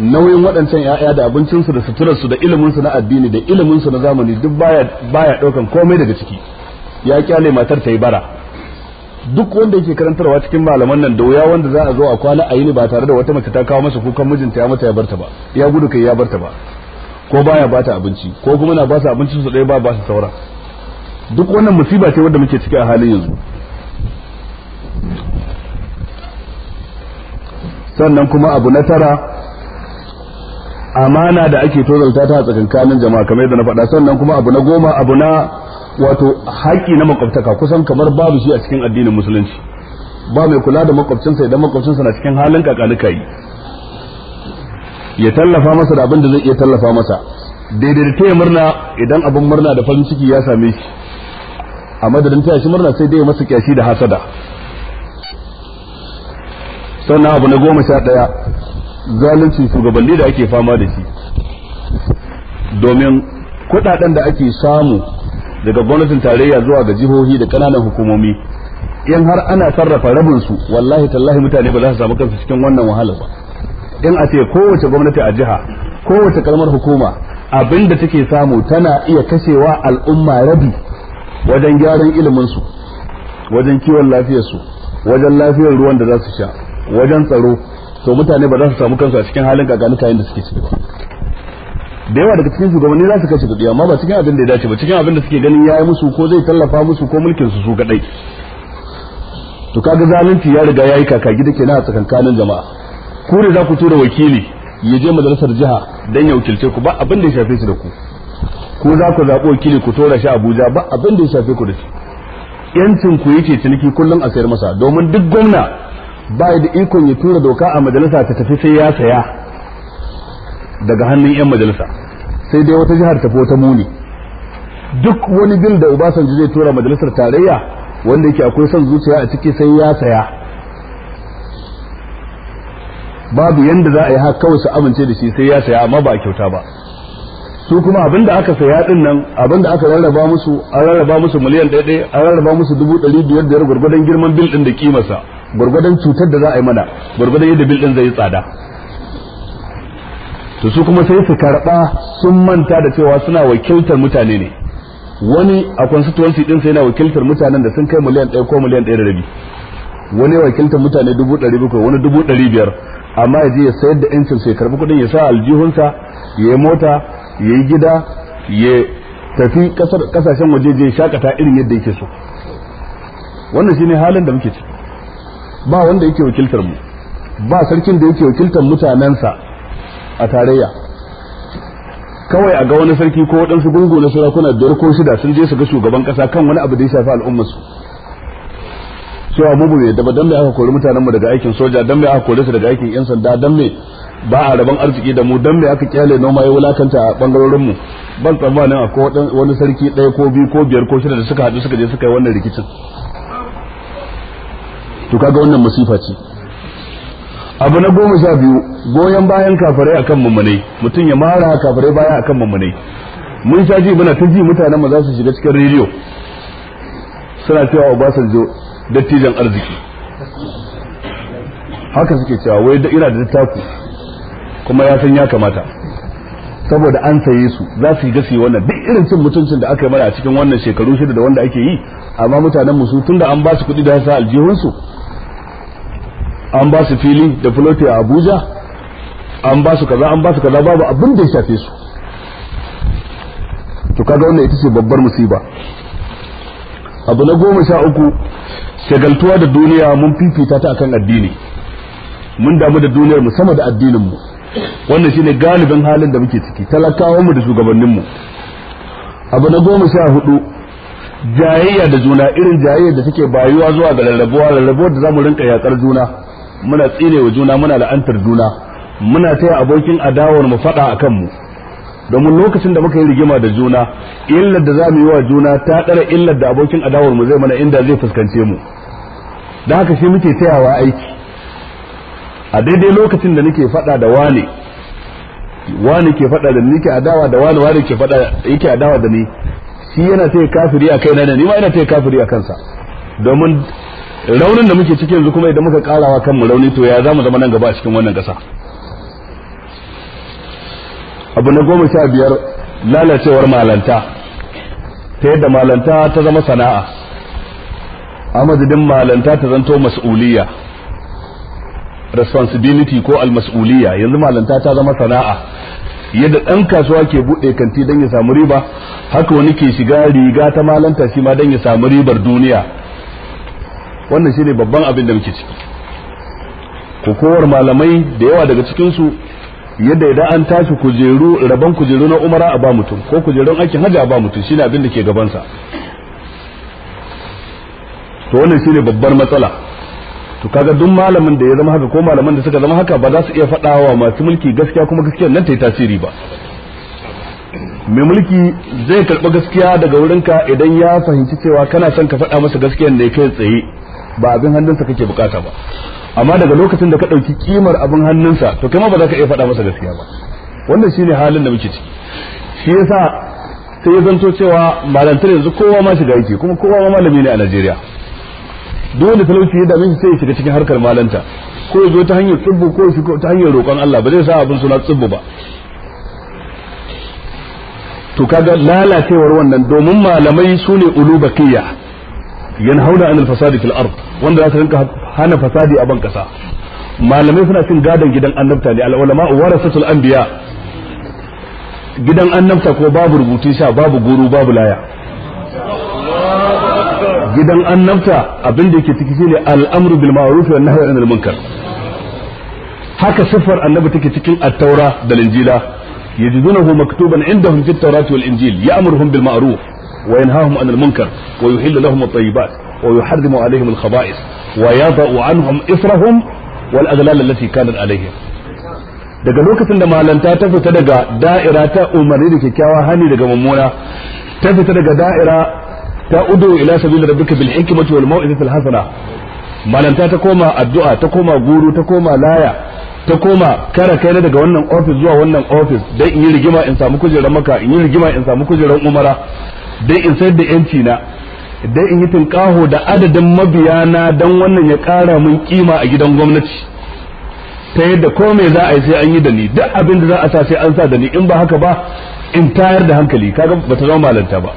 nauyin waɗancan ya'ya da abincinsu da suturarsu da iliminsu na addini da iliminsu na zamani duk baya baya ɗaukan komai daga ciki ya kyale matar ta yi bara duk wanda yake karantarwa cikin malaman nan da wuya wanda za a zo a kwana a yi ba tare da wata mace ta kawo masa kukan mijinta ya mata ya barta ba ya gudu kai ya barta ba ko baya bata abinci ko kuma na ba su abincin su ɗaya ba ba su saura duk wannan musiba ce wadda muke ciki a halin yanzu sannan kuma abu na tara amana da ake tozalta ta tsakankanin jama'a kamar yadda na faɗa sannan kuma abu na goma abu na wato haƙi na makwabtaka kusan kamar babu shi a cikin addinin musulunci ba mai kula da makwabcinsa idan makwabcinsa na cikin halin kakanuka yi ya tallafa masa da abin da zai iya tallafa masa daidai ya murna idan abin murna da farin ciki ya same shi a madadin taya shi murna sai dai masa kyashi da hasada sannan abu na goma sha ɗaya zalunci shugabanni da ake fama da shi domin kuɗaɗen da ake samu daga gwamnatin tarayya zuwa ga jihohi da kananan hukumomi in har ana sarrafa rabin su wallahi tallahi mutane ba za su samu kansu cikin wannan wahala ba in a ce kowace gwamnati a jiha kowace kalmar hukuma abinda take samu tana iya kashewa al'umma rabi wajen gyaran ilimin su wajen kiwon lafiyar su wajen lafiyar ruwan da za su sha wajen tsaro to mutane ba za su samu kansu a cikin halin kayan da suke ciki da yawa daga cikin shugabanni za su kashe kuɗi amma ba cikin abin da ya dace ba cikin abin da suke ganin ya yi musu ko zai tallafa musu ko mulkin su su kaɗai. to kaga zalunci ya riga ya yi kaka gida kenan a tsakankanin jama'a ku ne za ku tura wakili ya je majalisar jiha dan ya wakilce ku ba abin da ya shafe su da ku Ko za ku zaɓi wakili ku tura shi Abuja ba abin da ya shafe ku da shi yancin ku yake ciniki kullum a sayar masa domin duk gwamna ba da ikon ya tura doka a majalisa ta tafi sai ya saya daga hannun 'yan majalisa sai dai wata jihar tafi wata muni duk wani bil da Ubasanji zai tura majalisar tarayya wanda yake akwai son zuciya a ciki sai ya saya babu yadda za a yi haka kawai su amince da shi sai ya saya amma ba a kyauta ba su kuma abin da aka saya din nan abin da aka rarraba musu an rarraba musu miliyan ɗaya an rarraba musu dubu ɗari biyar biyar gwargwadon girman bil ɗin da kimarsa gurgudan cutar da za a yi mana gurgudan yadda bil din zai yi tsada to su kuma sai su karba sun manta da cewa suna wakiltar mutane ne wani a constituency din sai yana wakiltar mutanen da sun kai miliyan 1 ko miliyan 1 da rabi wani wakiltar mutane 700 wani 500 amma ya je ya sayar da yancin sai karbi kudin ya sa aljihunsa ya yi mota ya yi gida ya tafi kasashen waje je shakata irin yadda yake so wannan shine halin da muke ciki ba wanda yake wakiltar mu ba sarkin da yake wakiltar mutanensa a tarayya kawai a ga wani sarki ko waɗansu gungu na sarakuna biyar ko shida sun je su ga shugaban ƙasa kan wani abu da ya shafi al'ummarsu cewa mu bai daba dan me aka kori mutanen mu daga aikin soja dan me aka kore su daga aikin yan sanda dan me ba a rabon arziki da mu dan me aka kyale noma ya wulakanta a bangarorin mu ban tsammanin akwai wani sarki ɗaya ko biyu ko biyar ko shida da suka haɗu suka je suka yi wannan rikicin to kaga wannan masifa ce abu na goma sha biyu goyon bayan kafirai akan mummunai mutum ya mara kafirai baya akan mummunai mun sha ji muna ta ji mutanen mu za su shiga cikin rediyo suna cewa Obasanjo dattijan arziki haka suke cewa wai da ina da taku kuma ya san ya kamata saboda an saye su za su yi gasi wannan duk irin cin mutuncin da aka yi mara a cikin wannan shekaru shida da wanda ake yi amma mutanen musu tun da an ba su kuɗi da sa aljihunsu an ba su fili da filoti a abuja an ba su kaza an ba su kaza babu abin da ya shafe su to kaga wannan ita ce babbar musiba abu na goma sha uku shagaltuwa da duniya mun fifita ta akan addini mun damu da duniyar mu sama da addinin mu wannan shine galibin halin da muke ciki talakawan mu da shugabannin mu abu na goma sha hudu jayayya da juna irin jayayya da take bayuwa zuwa ga lalabuwa lalabuwa da zamu rinka yatsar juna muna tsine wa juna muna la'antar juna muna taya abokin adawar mu faɗa akan mu domin lokacin da muka yi rigima da juna illar da za mu yi wa juna ta ɗara illar da abokin adawar mu zai mana inda zai fuskance mu da haka shi muke tayawa aiki a daidai lokacin da nake faɗa da wane wane ke faɗa da ni adawa da wane wane ke faɗa yake adawa da ni shi yana taya kafiri a na na ni ma yana taya kafiri a kansa domin raunin da muke ciki yanzu kuma idan muka karawa kanmu rauni to ya zamu zama nan gaba a cikin wannan kasa abu na goma sha biyar lalacewar malanta ta yadda malanta ta zama sana'a a madadin malanta ta zanto mas'uliya responsibility ko almas'uliya yanzu malanta ta zama sana'a yadda ɗan kasuwa ke buɗe kanti don ya samu riba haka wani ke shiga riga ta malanta shi ma don ya samu ribar duniya wannan shine babban abin da muke ciki kowar malamai da yawa daga cikinsu su yadda idan an tashi kujeru rabon kujeru na umara a ba mutum ko kujerun aikin hajji a ba mutum shine abin da ke gabansa to wannan shine babbar matsala to kaga duk malamin da ya zama haka ko malaman da suka zama haka ba za su iya faɗa wa masu mulki gaskiya kuma gaskiyar nan ta yi tasiri ba mai mulki zai karɓi gaskiya daga wurinka idan ya fahimci cewa kana son ka faɗa masa gaskiyar ne kai tsaye ba abin hannunsa kake bukata ba amma daga lokacin da ka ɗauki kimar abin hannunsa to kai ma ba za ka iya faɗa masa gaskiya ba wannan shine halin da muke ciki shi yasa sai ya zanto cewa malantar yanzu kowa ma shiga yake kuma kowa ma malami ne a Najeriya dole talauci ya mun sai shiga cikin harkar malanta ko ya zo ta hanyar tsubbu ko ya ta hanyar roƙon Allah ba zai sa abin suna tsubbu ba to kaga lalacewar wannan domin malamai su ne ulubakiyya yanhauna anil fasadi fil ard wanda za su rinka hana fasadi a ban kasa malamai suna cin gadon gidan annabta ne al warasatul anbiya gidan annabta ko babu rubutun sha babu guru babu laya gidan annabta abin da yake ciki shine al'amru bil ma'ruf wa nahyi anil munkar haka siffar annabi take cikin at-taura da injila yajidunahu maktuban indahum fit tawrati wal injil ya'muruhum bil ma'ruf وينهاهم عن المنكر ويحل لهم الطيبات ويحرم عليهم الخبائث ويضع عنهم إثرهم والأغلال التي كانت عليهم daga lokacin da malanta ta fita daga da'ira ta umarni da kyakkyawa hani daga mummuna ta fita daga da'ira ta udu ila sabil rabbika bil hikmati wal mau'izati al hasana malanta ta koma addu'a ta koma guru ta koma laya ta koma kara kai na daga wannan ofis zuwa wannan ofis dan in yi rigima in samu kujerar maka in yi rigima in samu kujerar umara dan in sayar da yanci na dai in yi tinkaho da adadin mabiya na don wannan ya kara mun kima a gidan gwamnati ta yadda ko me za a yi sai an yi da ni duk abin da za a sa sai an sa da ni in ba haka ba in tayar da hankali kaga ta zama malanta ba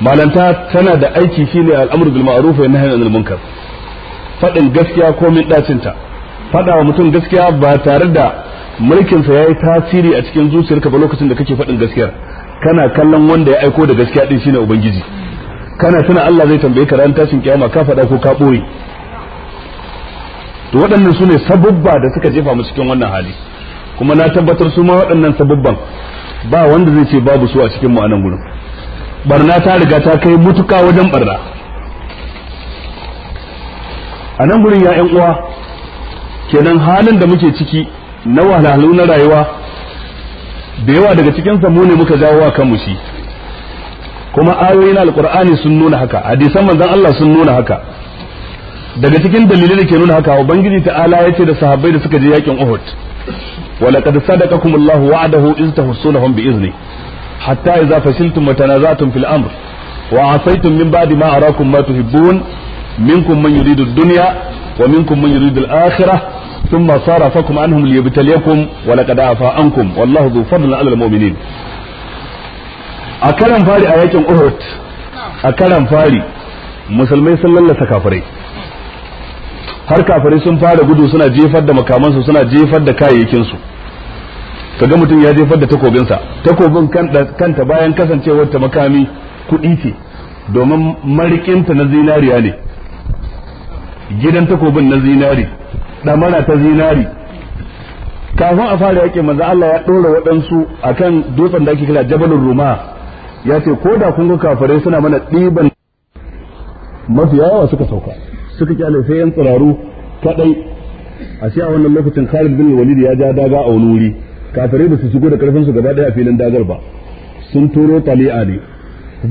malanta tana da aiki shine al'amru bil ma'ruf wa na anil munkar fadin gaskiya ko min dacin ta fada wa mutum gaskiya ba tare da mulkin sa yayi tasiri a cikin zuciyarka ba lokacin da kake faɗin gaskiyar kana kallon wanda ya aiko da gaskiya din shine ubangiji kana tuna Allah zai tambaye ka ran tashin kiyama ka faɗa ko ka ɓoye to waɗannan sune sabubba da suka jefa mu cikin wannan hali kuma na tabbatar su ma waɗannan sabubban ba wanda zai ce babu su a cikin mu a nan gurin barna ta riga ta kai mutuka wajen barna a nan gurin ya uwa kenan halin da muke ciki na wahalhalu na rayuwa da daga cikin mu ne muka jawo wa kanmu shi kuma ayoyin alkur'ani sun nuna haka hadisan manzon Allah sun nuna haka daga cikin dalilai da ke nuna haka ubangiji ta'ala ya ce da sahabai da suka je yakin Uhud walaqad sadaqakum Allahu wa'adahu iz tahsunuhum bi'izni hatta idza fashiltum wa tanazatum fil amr wa asaytum min ba'di ma arakum ma tuhibbun minkum man yuridu ad-dunya wa minkum man yuridu al-akhirah ثم صار فكم عنهم ليبتليكم ولقد عفا عنكم والله ذو فضل على المؤمنين muminin a karan fari a yakin Uhud a karan fari musulmai sun har kafirai sun fara gudu suna jefar da makamansu suna jefar da kayayyakinsu kaga mutum ya jefar da takobinsa takobin kanta bayan kasancewar ta makami kuɗi ce domin marikinta na zinariya ne gidan takobin na zinari ɗamara ta zinari kafin a fara yake manzo Allah ya ɗora waɗansu akan dutsen da ake kira jabalin ruma ya ce ko da kun ga kafirai suna mana ɗiban mafi yawa suka sauka suka kyale sai yan tsiraru kaɗai a a wannan lokacin Khalid bin Walid ya ja daga a wani wuri kafirai ba su shigo da karfin su gaba ɗaya a filin dagar ba sun turo tali'a ne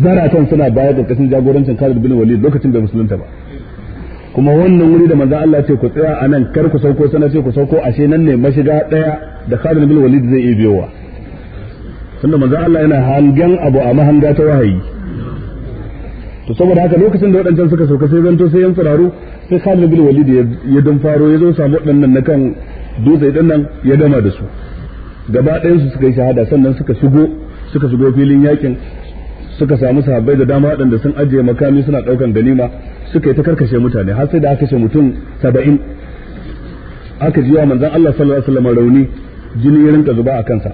zaratan suna bayar da kasin jagorancin Khalid bin Walid lokacin da musulunta ba kuma wannan wuri da manzo Allah ce ku tsaya a nan kar ku sauko sana ce ku sauko ashe nan ne mashiga daya da Khalid bin Walid zai iya biyowa tunda manzo Allah yana hangen abu a mahanga ta wahayi to saboda haka lokacin da waɗancan suka sauka sai zanto sai yan tsiraru sai Khalid bin Walid ya dan faro ya zo samu dannan na kan dutse dannan ya dama da su gaba ɗayan su suka yi shahada sannan suka shigo suka shigo filin yakin suka samu sahabbai da dama waɗanda sun ajiye makami suna ɗaukan ganima suka yi ta karkashe mutane har sai da aka kashe mutum saba'in aka ji wa manzan Allah sallallahu alaihi wasallam rauni jini ya rinka zuba a kansa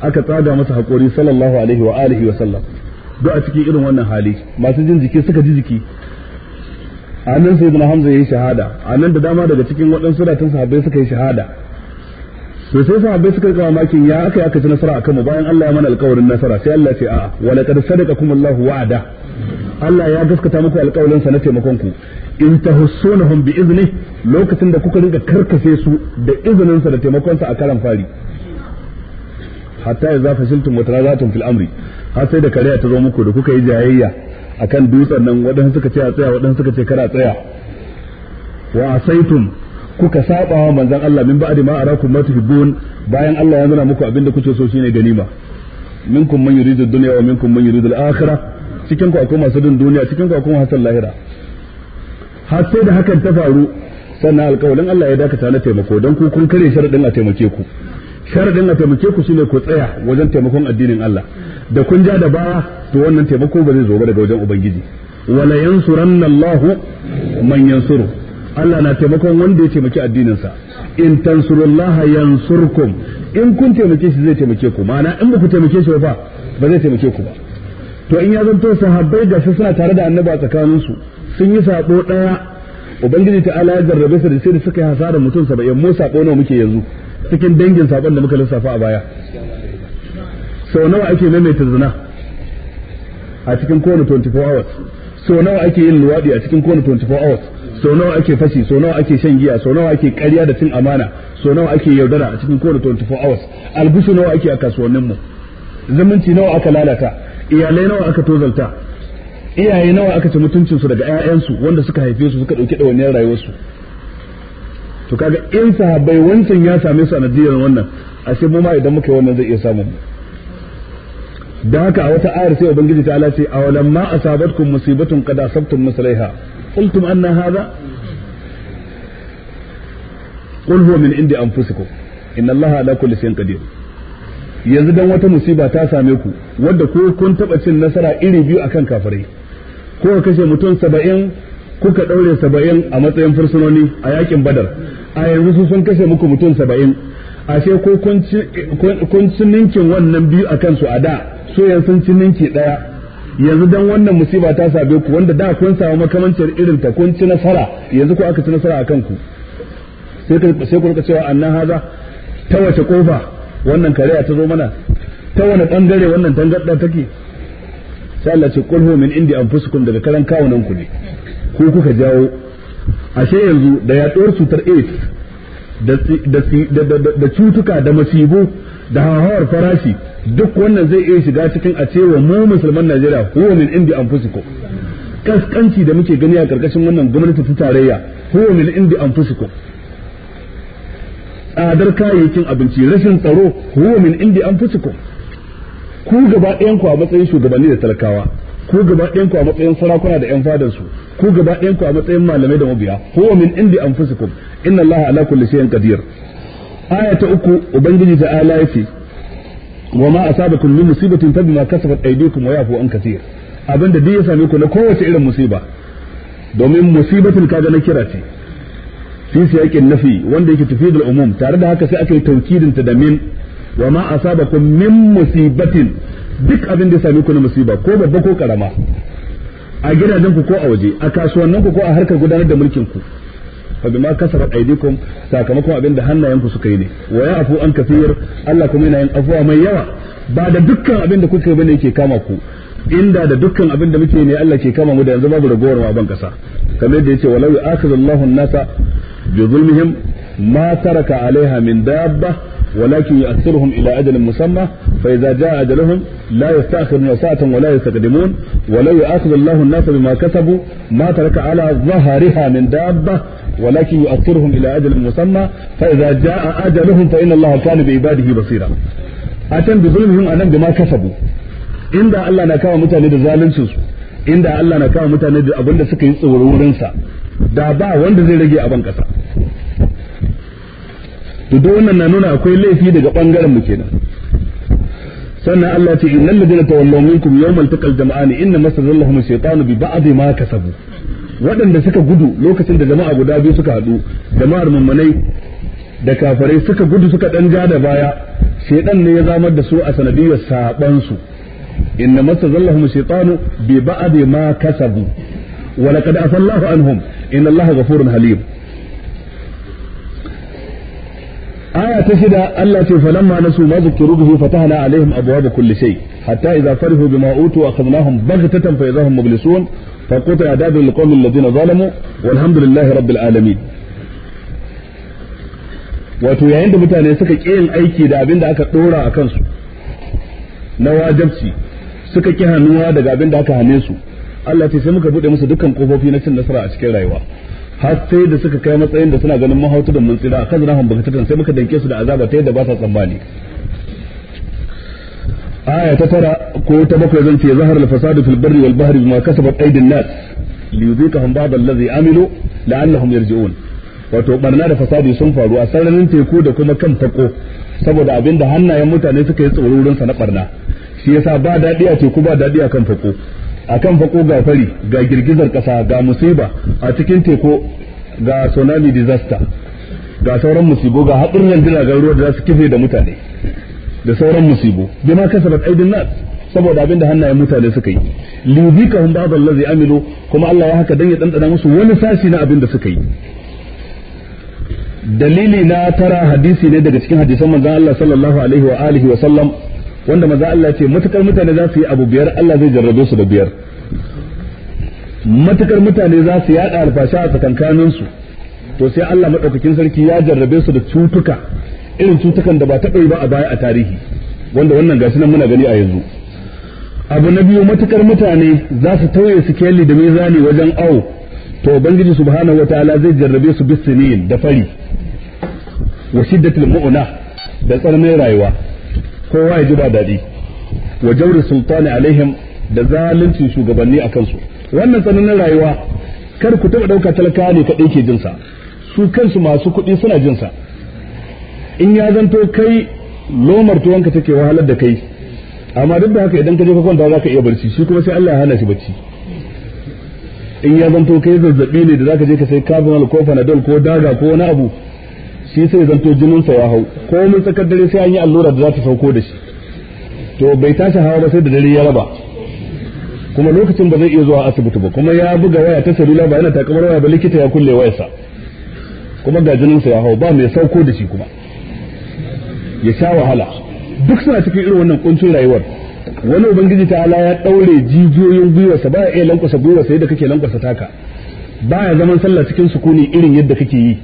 aka tsada masa hakuri sallallahu alaihi wa alihi wa sallam duk a cikin irin wannan hali masu jin jiki suka ji jiki a nan sai hamza ya yi shahada a nan da dama daga cikin waɗansu da sahabbai suka yi shahada Sosai sai sahabbai suka kawo makin ya aka aka ci nasara akan mu bayan Allah ya mana alƙawarin nasara sai Allah ya ce a'a wa laqad sadaqakum Allahu wa'ada Allah ya gaskata muku alƙawarin sa na taimakon ku in tahussunahum bi izni lokacin da kuka rinka karkashe su da izinin sa da taimakon sa a karan fari hatta ya zafa shiltum wa tarazatum fil amri har sai da kariya ta zo muku da kuka yi jayayya akan dutsen nan waɗansu suka ce a tsaya waɗansu suka ce kar a tsaya wa asaitum kuka saba wa manzon Allah min ba'di ma arakum ma tuhibbun bayan Allah ya nuna muku abinda kuke so shine ganima minkum man yuridu dunya wa minkum man yuridu al-akhirah cikin ku akwai masu din duniya cikin ku akwai hasan lahira har sai da hakan ta faru sannan alƙawarin Allah ya dakata na taimako dan ku kun kare sharadin a taimake ku sharadin a taimake ku shine ku tsaya wajen taimakon addinin Allah da kun ja da baya to wannan taimako ba zai zo ba daga wajen ubangiji wala yansuranna Allahu man yansuru Allah na taimakon wanda ya taimaki addininsa in tansurullah yansurkum in kun taimake shi zai taimake ku ma'ana in ba ku taimake shi ba ba zai taimake ku ba to in ya zanto sahabbai da su suna tare da annabi a tsakaninsu sun yi sabo daya ubangiji ta ala ya jarrabe su da sai suka yi hasara mutum saba'in mu sabo nawa muke yanzu cikin dangin sabon da muka lissafa a baya sau nawa ake maimaita zina a cikin kowane 24 hours sau nawa ake yin luwaɗi a cikin kowane 24 hours so nawa ake fashi so nawa ake shan giya so nawa ake ƙarya da cin amana so nawa ake yaudara a cikin kowane 24 hours albushu nawa ake a kasuwannin mu zumunci nawa aka lalata iyalai nawa aka tozalta iyaye nawa aka ci mutuncin su daga ƴaƴansu wanda suka haife su suka dauki dawaniyar rayuwarsu to kaga in sahabbai wancan ya same su a nadiyar wannan ashe mu ma idan muka yi wannan zai iya samu da haka a wata ayar sai ubangiji ta ce awalan ma asabatkum musibatun qad asabtum mislaiha قلتم أن هذا قل هو من عند أنفسكم إن الله على كل شيء قدير yanzu dan wata musiba ta same ku wadda ko kun taba cin nasara iri biyu akan kafirai ko kashe mutum saba'in kuka daure saba'in a matsayin fursunoni a yakin badar a yanzu su sun kashe muku mutum saba'in ashe ko kun ci ninkin wannan biyu akan su a da so yanzu sun ci ninki daya yanzu dan wannan musiba ta sabe ku wanda da kun samu makamancin irin ta kun ci nasara yanzu ku aka ci nasara akan ku sai ka sai ku rika cewa annan haza ta wace kofa wannan kariya ta zo mana ta wani bangare wannan tangarda take sai Allah ce qul min indi anfusukum daga karan kawunan ku ne ku kuka jawo ashe yanzu da yaduwar cutar AIDS da da da cutuka da masibu da hawar farashi duk wannan zai iya shiga cikin a cewa mu musulman Najeriya huwa min indi anfusikum kaskanci da muke gani a karkashin wannan gwamnati ta tarayya huwa min indi anfusikum tsadar kayayyakin abinci rashin tsaro huwa min indi anfusikum ku gaba ɗayan ku a matsayin shugabanni da talakawa ku gaba ɗayan ku a matsayin sarakuna da ƴan fadar su ku gaba ɗayan ku a matsayin malamai da mabiya huwa min indi anfusikum inna allaha ala kulli shay'in qadir aya ta uku ubangiji ta ala wa ma asabakum min musibatin ma kasabat aydikum wa yafu an kaseer abinda duk ya sami ku na kowace irin musiba domin musibatin kaga na kira ce fi siyakin nafi wanda yake tafidul umum tare da haka sai aka yi ta da min wa ma asabakum min musibatin duk abinda ya same ku na musiba ko babba ko karama a gidajen ku ko a waje a kasuwannin ku ko a harkar gudanar da mulkin ku fa bima kasabat aydikum sakamakon abin da ku suka yi ne wa ya'fu an kathir Allah kuma yana yin afwa mai yawa ba da dukkan abin da kuka bane ke kama ku inda da dukkan abinda muke ne Allah ke kama mu da yanzu babu ragowar ma ban kasa kamar yadda yace walau ya'khudullahu an-nasa bi zulmihim ma taraka 'alaiha min dabba ولكن يؤثرهم إلى أجل مسمى فإذا جاء أجلهم لا يستأخرون ساعة ولا يستقدمون ولو يؤاخذ الله الناس بما كسبوا ما ترك على ظهرها من دابة ولكن يؤخرهم الى اجل مسمى فاذا جاء اجلهم فان الله كان بعباده بصيرا اتم بظلمهم انا بما كسبوا ان دا الله na kawo mutane da zalunci su in da Allah na kawo mutane da abin da suka yi tsoron sa da ba wanda zai rage a kasa to da wannan na nuna akwai laifi daga bangaren mu kenan sannan Allah ce innal ladina tawallaw minkum yawmal taqal jama'ani inna masallallahu shaytanu bi ba'di ma kasabu waɗanda suka gudu lokacin da jama'a guda biyu suka haɗu jama'ar mummunai da kafarai suka gudu suka ɗan ja da baya shaidan ne ya zamar da su a sanadiyar saɓansu inna masa zallahum shaitanu bi ba'd ma kasabu wa laqad afallahu anhum inna allaha ghafurun halim aya ta shida Allah ce falamma nasu ma zukiru bihi fatahna alaihim abwaaba kulli shay hatta idza farihu bima utu akhadnahum baghtatan fa idahum mublisun fa qutila dabu alqawmi alladhina zalamu walhamdulillahi rabbil alamin wato yayin da mutane suka ƙi yin aiki da abin da aka ɗora a kansu na wajabci suka ƙi hannuwa daga abin da aka hane su Allah ce sai muka buɗe musu dukkan ƙofofi na cin nasara a cikin rayuwa har sai da suka kai matsayin da suna ganin mahautu da mun tsira a kan rahon sai muka danke su da azaba ta yadda ba sa tsammani aya ta tara ko ta bakwai zan ce zahar al-fasadu fil barri wal bahri bima kasabat aydin nas liyuziqahum ba'd allazi amilu la'allahum yarji'un wato barna da fasadi sun faru a sararin teku da kuma kan tako saboda abin da hannayen mutane suka yi tsoro wurin sa na barna shi yasa ba daɗi a teku ba daɗi a kan fako akan fako ga fari ga girgizar kasa ga musiba a cikin teku ga tsunami disaster ga sauran musibo ga haɗurran ga ruwa da za su kife da mutane da sauran musibo kasa kasabat aidin nas saboda abin da hannayen mutane suka yi liyuzikahum ba'd zai amilo kuma Allah ya haka dan ya ɗanɗana musu wani sashi na abin da suka yi dalili na tara hadisi ne daga cikin hadisan manzan Allah sallallahu alaihi wa alihi wa sallam wanda maza Allah ce matukar mutane za su yi abu biyar Allah zai jarrabe su da biyar matukar mutane za su yada alfasha a tsakankanin su to sai Allah maɗaukakin sarki ya jarrabe su da cutuka irin cutukan da ba taɓa yi ba a baya a tarihi wanda wannan gashi nan muna gani a yanzu abu na biyu matukar mutane za su tauye su kelli da mizani wajen awo to ubangiji subhanahu wataala zai jarrabe su bisinin da fari wa shiddatul mu'na da tsarnin rayuwa kowa ya ji ba daɗi wa jawri sultani alaihim da zalunci shugabanni a kansu wannan tsananin rayuwa kar ku taɓa ɗauka talakawa ne kaɗai ke jinsa su kansu masu kuɗi suna jinsa in ya zanto kai lomar tuwanka take wahalar da kai amma duk da haka idan ka je ka kwanta za ka iya barci shi kuma sai Allah ya hana shi barci in ya zanto kai zazzabi ne da za ka je ka sai kafin alkofa na dal ko daga ko wani abu shi sai zanto jininsa ya hau ko mun tsakar dare sai an yi allura da za ta sauko da shi to bai tashi hawa ba sai da dare ya raba kuma lokacin ba zai iya zuwa asibiti ba kuma ya buga waya ta salula ba yana takamar waya ba likita ya kulle wayarsa kuma ga jininsa ya hau ba mai sauko da shi kuma ya sha wahala duk suna cikin irin wannan kuncin rayuwar wani ubangiji ta ala ya daure jijiyoyin gwiwarsa ba ya iya lankwasa gwiwarsa da kake lankwasa taka ba ya zaman sallah cikin sukuni irin yadda kake yi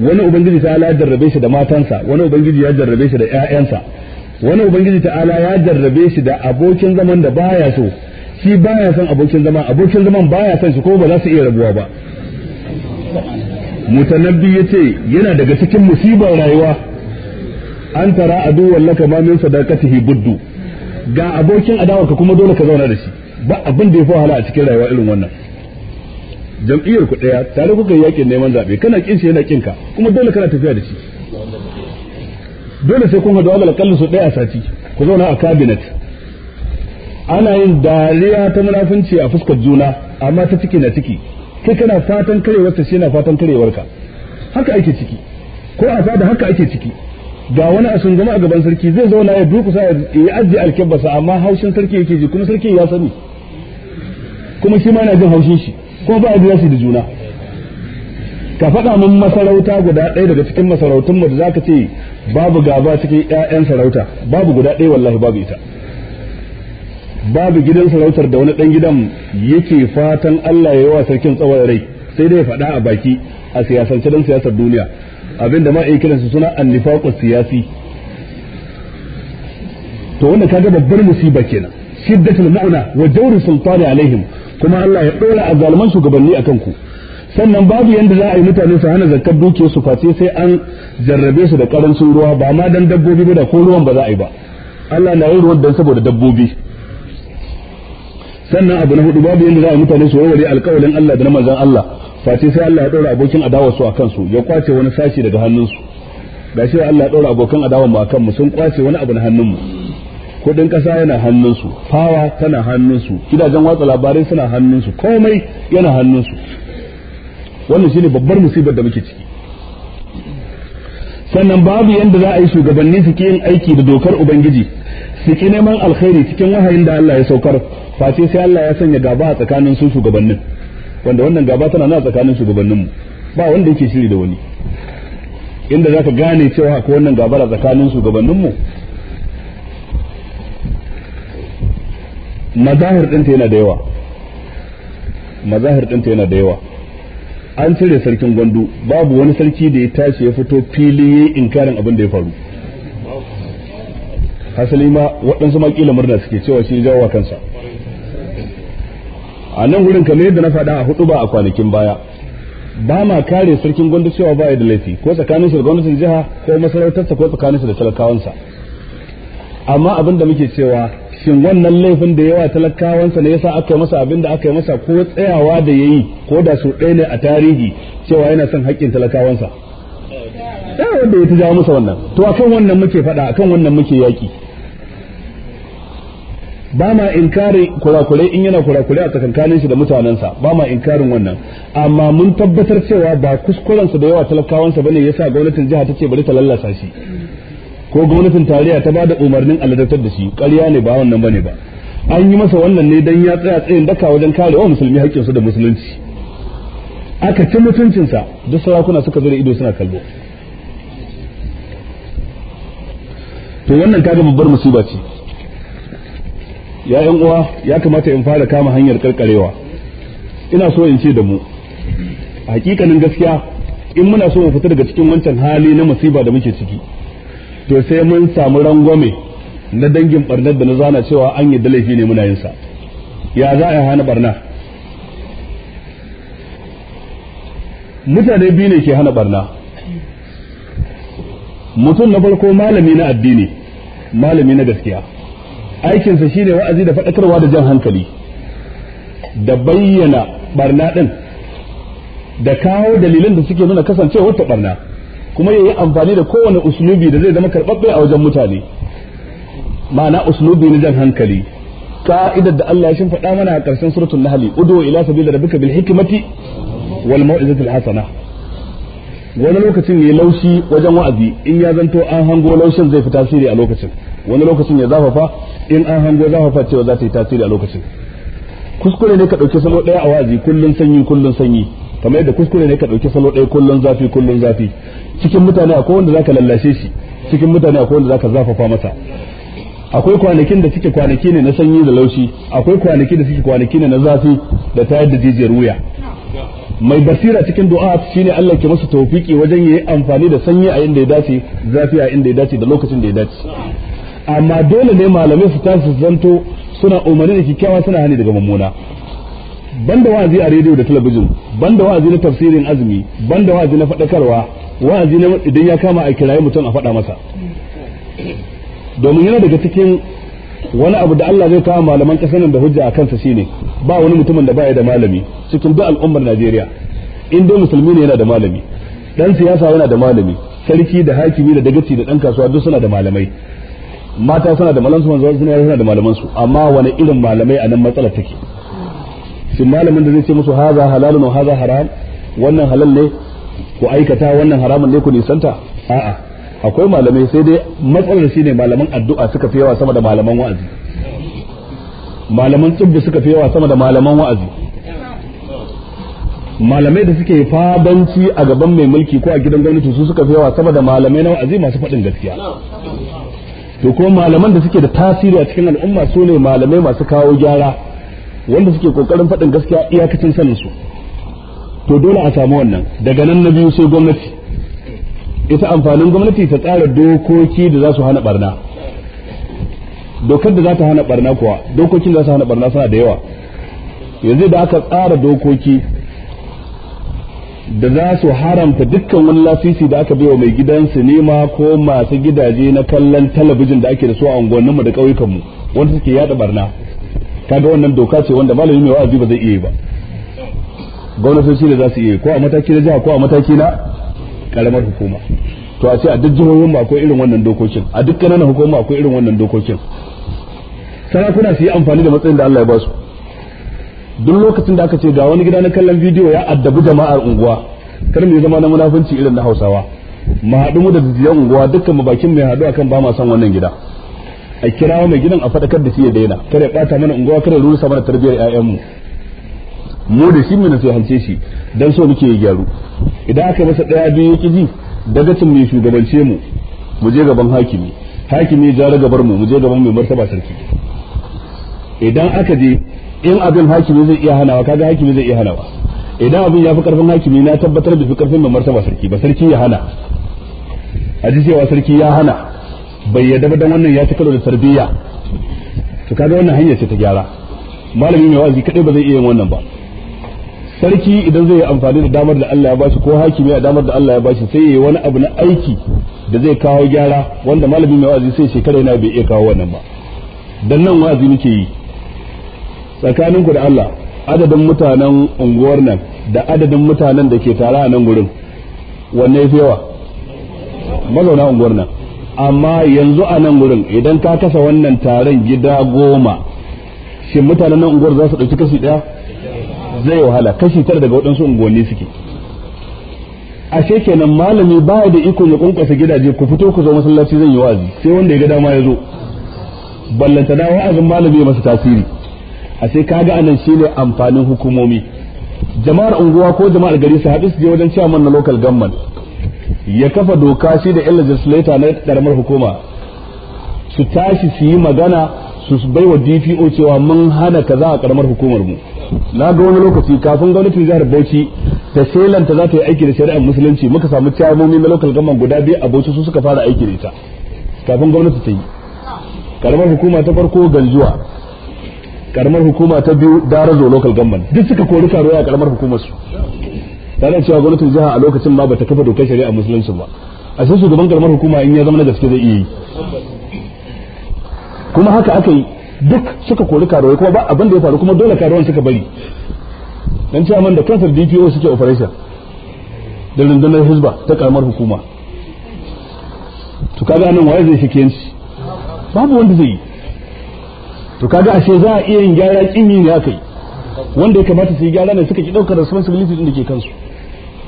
wani ubangiji ta ala ya jarrabe shi da matansa wani ubangiji ya jarrabe shi da ƴaƴansa wani ubangiji ta ala ya jarrabe shi da abokin zaman da baya so shi baya son abokin zama abokin zaman baya son shi ko ba za su iya rabuwa ba mutanabbi yace yana daga cikin musibar rayuwa an tara adu wallaka ma min sadaqatihi buddu ga abokin adawa ka kuma dole ka zauna da shi ba abin da ya fi wahala a cikin rayuwa irin wannan jam'iyyar ku daya tare kuka yi yakin neman zabe kana kin shi yana kin ka kuma dole kana tafiya da shi dole sai kun hadu alal kallu su daya sati ku zauna a cabinet ana yin dariya ta munafunci a fuskar juna amma ta ciki na ciki kai kana fatan karewar ta shi yana fatan karewar ka haka ake ciki ko a fada haka ake ciki ga wani a sun zama a gaban sarki zai zauna ya sa ya yi ajiye alkebasa amma haushin sarki yake ji kuma sarki ya sani kuma shi ma yana jin haushin shi ko ba a da juna ka faɗa min masarauta guda ɗaya daga cikin masarautun mu da zaka ce babu gaba cikin ƴaƴan sarauta babu guda ɗaya wallahi babu ita babu gidan sarautar da wani ɗan gidan yake fatan Allah ya yi wa sarkin tsawon rai sai dai faɗa a baki a siyasance don siyasar duniya abinda ma iya kiransu suna annifaqus siyasi to wanda kaga babbar musiba kenan shiddatul mu'na wa jawru sultani alaihim kuma Allah ya dora a zalman shugabanni akan ku sannan babu yanda za a yi mutane su hana zakkar dukiyar su face sai an jarrabe su da karancin ruwa ba ma dan dabbobi ba da ko ruwan ba za a yi ba Allah na yi ruwan dan saboda dabbobi sannan abu na hudu babu yanda za a yi mutane su warware alƙawarin Allah da na manzon Allah face sai Allah ya dora abokin adawa su akan su ya kwace wani sashi daga hannunsu gashi Allah ya dora abokan adawar mu akan mu sun kwace wani abu na hannun mu kudin kasa yana hannunsu fawa tana hannunsu gidajen watsa labarai suna hannunsu komai yana hannunsu wannan shine babbar musibar da muke ciki sannan babu yadda za a yi shugabanni su yin aiki da dokar ubangiji su ki neman alkhairi cikin wahayin da Allah ya saukar face sai Allah ya sanya gaba a tsakanin su shugabannin wanda wannan gaba tana na tsakanin shugabannin ba wanda yake shiri da wani inda zaka gane cewa ko wannan gaba a tsakanin shugabannin mazahir ɗinta yana da yawa mazahir ɗinta yana da yawa an cire sarkin gwandu babu wani sarki da ya tashi ya fito fili ya inkarin abin da ya faru hasali ma waɗansu ma kila murna suke cewa shi jawo kansa a nan wurin kamar yadda na faɗa a hudu ba a kwanakin baya ba ma kare sarkin gwandu cewa ba ya da laifi ko tsakanin shi da gwamnatin jiha ko masarautarsa ko tsakanin shi da talakawansa amma abin da muke cewa shin wannan laifin da yawa talakawansa ne yasa aka masa abin da aka masa ko tsayawa da yayi ko da su ɗaya ne a tarihi cewa yana son haƙƙin talakawansa ɗaya eh, wanda ya ta jawo masa wannan to akan wannan muke faɗa akan wannan muke yaƙi ba ma inkarin kurakurai in yana kurakurai a tsakankanin shi da mutanensa ba ma inkarin wannan amma mun tabbatar cewa ba kuskurensa da yawa talakawansa bane yasa gwamnatin jiha ta ce bari ta lallasa shi ko gwamnatin tarayya ta bada umarnin aladatar da shi ƙarya ne ba wannan bane ba an yi masa wannan ne dan ya tsaya tsayin daka wajen kare wa musulmi haƙƙinsu da musulunci aka ci mutuncinsa duk sarakuna suka zo da ido suna kallo to wannan kaga babbar musiba ce ya yan uwa ya kamata in fara kama hanyar karkarewa ina so in ce da mu hakikanin gaskiya in muna so mu fita daga cikin wancan hali na musiba da muke ciki to sai mun samu rangwame na dangin barnar da na zana cewa an yi laifi ne muna yinsa. ya za a yi hana barna mutane biyu ne ke hana barna mutum na farko malami na addini malami na gaskiya aikinsa shine wa'azi da faɗakarwa da jan hankali da bayyana barna ɗin da kawo dalilin da suke nuna kasancewar ta barna kuma ya yi amfani da kowane uslubi da zai zama karɓaɓɓe a wajen mutane ma'ana uslubi na jan hankali ka'idar da Allah ya mana a ƙarshen suratul nahl udu ila sabila rabbika bil hikmati wal mau'izati hasana wani lokacin ya laushi wajen wa'azi in ya zanto an hango laushin zai fi tasiri a lokacin wani lokacin ya zafafa in an hango zafafa cewa za ta yi tasiri a lokacin kuskure ne ka ɗauki salo ɗaya a wa'azi kullum sanyi kullum sanyi kamar yadda kuskure ne ka dauki salo ɗaya kullun zafi kullun zafi cikin mutane akwai wanda zaka lallashe shi cikin mutane akwai wanda zaka zafafa masa akwai kwanakin da suke kwanaki ne na sanyi da laushi akwai kwanaki da suke kwanaki ne na zafi da tayar da jijiyar wuya mai basira cikin du'a shine Allah ke masa tawfiki wajen yayi amfani da sanyi a inda ya dace zafi a inda ya dace da lokacin da ya dace amma dole ne malamai su tashi zanto suna umarni da kikkiawa suna hani daga mummuna banda wa'azi a rediyo da talabijin banda wa'azi na tafsirin azumi banda wa'azi na faɗakarwa wa'azi na idan ya kama a kiraye mutum a faɗa masa domin yana daga cikin wani abu da Allah zai kawo malaman ƙasar nan da hujja a kansa shine ba wani mutumin da baya da malami cikin duk al'ummar Najeriya in dai musulmi ne yana da malami dan siyasa yana da malami sarki da hakimi da dagaci da dan kasuwa duk suna da malamai mata suna da malamansu manzo suna da malamansu amma wani irin malamai a nan matsalar take shin malamin da zai ce musu haza halalun haza haram wannan halal ne ku aikata wannan haramun ne ku nisanta a'a akwai malamai sai dai matsalar shi ne malaman addu'a suka fi yawa sama da malaman wa'azi malaman tsubbu suka fi yawa sama da malaman wa'azi malamai da suke fabanci a gaban mai mulki ko a gidan gwamnati su suka fi yawa sama da malamai na wa'azi masu faɗin gaskiya to kuma malaman da suke da tasiri a cikin al'umma su ne malamai masu kawo gyara wanda suke kokarin faɗin gaskiya iyakacin sanin su to dole a samu wannan daga nan na biyu sai gwamnati ita amfanin gwamnati ta tsara dokoki da za su hana barna dokar da za ta hana barna kuwa dokokin da za su hana barna suna da yawa yanzu da aka tsara dokoki da za su haramta dukkan wani lasisi da aka baiwa mai gidan sinima ko masu gidaje na kallon talabijin da ake da su a unguwanninmu da ƙauyukanmu wanda suke yada barna kaga wannan doka ce wanda malami mai wa'azi ba zai iya yi ba gwamnatoci ne za su iya yi ko a mataki na jiha ko a mataki na karamar hukuma to a ce a duk jihohin ba akwai irin wannan dokokin a duk kananan hukuma akwai irin wannan dokokin sarakuna su yi amfani da matsayin da Allah ya ba su duk lokacin da aka ce ga wani gida na kallon bidiyo ya addabi jama'ar unguwa kar mu zama na munafunci irin na Hausawa mu haɗu mu da jiyan unguwa dukkan mu bakin mai haɗu akan ba ma san wannan gida a kirawo mai gidan a fadakar da shi ya daina kare ya ɓata mana unguwa kada sama da tarbiyyar ƴaƴanmu mu da shi sai nasihance shi dan so muke ya gyaru idan aka masa ɗaya biyu yake ji dagacin mai shugabance mu mu je gaban hakimi hakimi ya jara gabar mu mu je gaban mai martaba sarki idan aka je in abin hakimi zai iya hanawa kaga hakimi zai iya hanawa idan abin ya fi karfin hakimi na tabbatar da fi karfin mai martaba sarki ba sarki ya hana a ji cewa sarki ya hana bai yarda ba dan wannan ya ci karo da tarbiyya to kaga wannan hanya ce ta gyara malami mai wazi kadai ba zai iya yin wannan ba sarki idan zai yi amfani da damar da Allah ya bashi ko hakimi a damar da Allah ya bashi sai yayi wani abu na aiki da zai kawo gyara wanda malami mai wazi sai shekara yana bai iya kawo wannan ba dan nan wazi nake yi tsakanin ku da Allah adadin mutanen unguwar nan da adadin mutanen da ke tare a nan gurin wanne yawa mazauna unguwar nan amma yanzu a nan wurin idan ka kasa wannan taron gida goma shi mutanen nan unguwar za su ɗauki kashi ɗaya zai wahala kashi tara daga waɗansu unguwanni suke ashe kenan malami ba da iko ya ƙunƙwasa gidaje ku fito ku zo masallaci zan yi wazi sai wanda ya ga dama ya zo ballanta da wa'azin malami ya masa tasiri ashe kaga anan shine amfanin hukumomi jama'ar unguwa ko jama'ar gari su haɗu su je wajen chairman mana local government ya kafa doka shi da yan legislator na karamar hukuma su tashi su yi magana su bai wa DPO cewa mun hana kaza a karamar hukumar mu na ga wani lokaci kafin gwamnatin jihar Bauchi ta shelanta za ta yi aiki da shari'ar musulunci muka samu chairmomi na local government guda biyu a Bauchi su suka fara aiki da ita kafin gwamnati ta yi karamar hukuma ta farko ganjuwa karamar hukuma ta biyu darazo local government duk suka kori karuwa a karamar hukumar su tare cewa gwamnatin jiha a lokacin ma bata kafa dokar shari'a musulunci ba a sai shugaban garmar hukuma in ya zama na gaske zai iya yi kuma haka aka yi duk suka kori karuwai kuma ba abin da ya faru kuma dole karuwan suka bari dan cewa man da kansar DPO suke operation da rundunar hizba ta karamar hukuma to kaga nan waye zai shi kiyanci babu wanda zai yi to kaga ashe za a iya yin gyara kinyi ne yi wanda ya kamata su yi gyara ne suka ki daukar responsibility din da ke kansu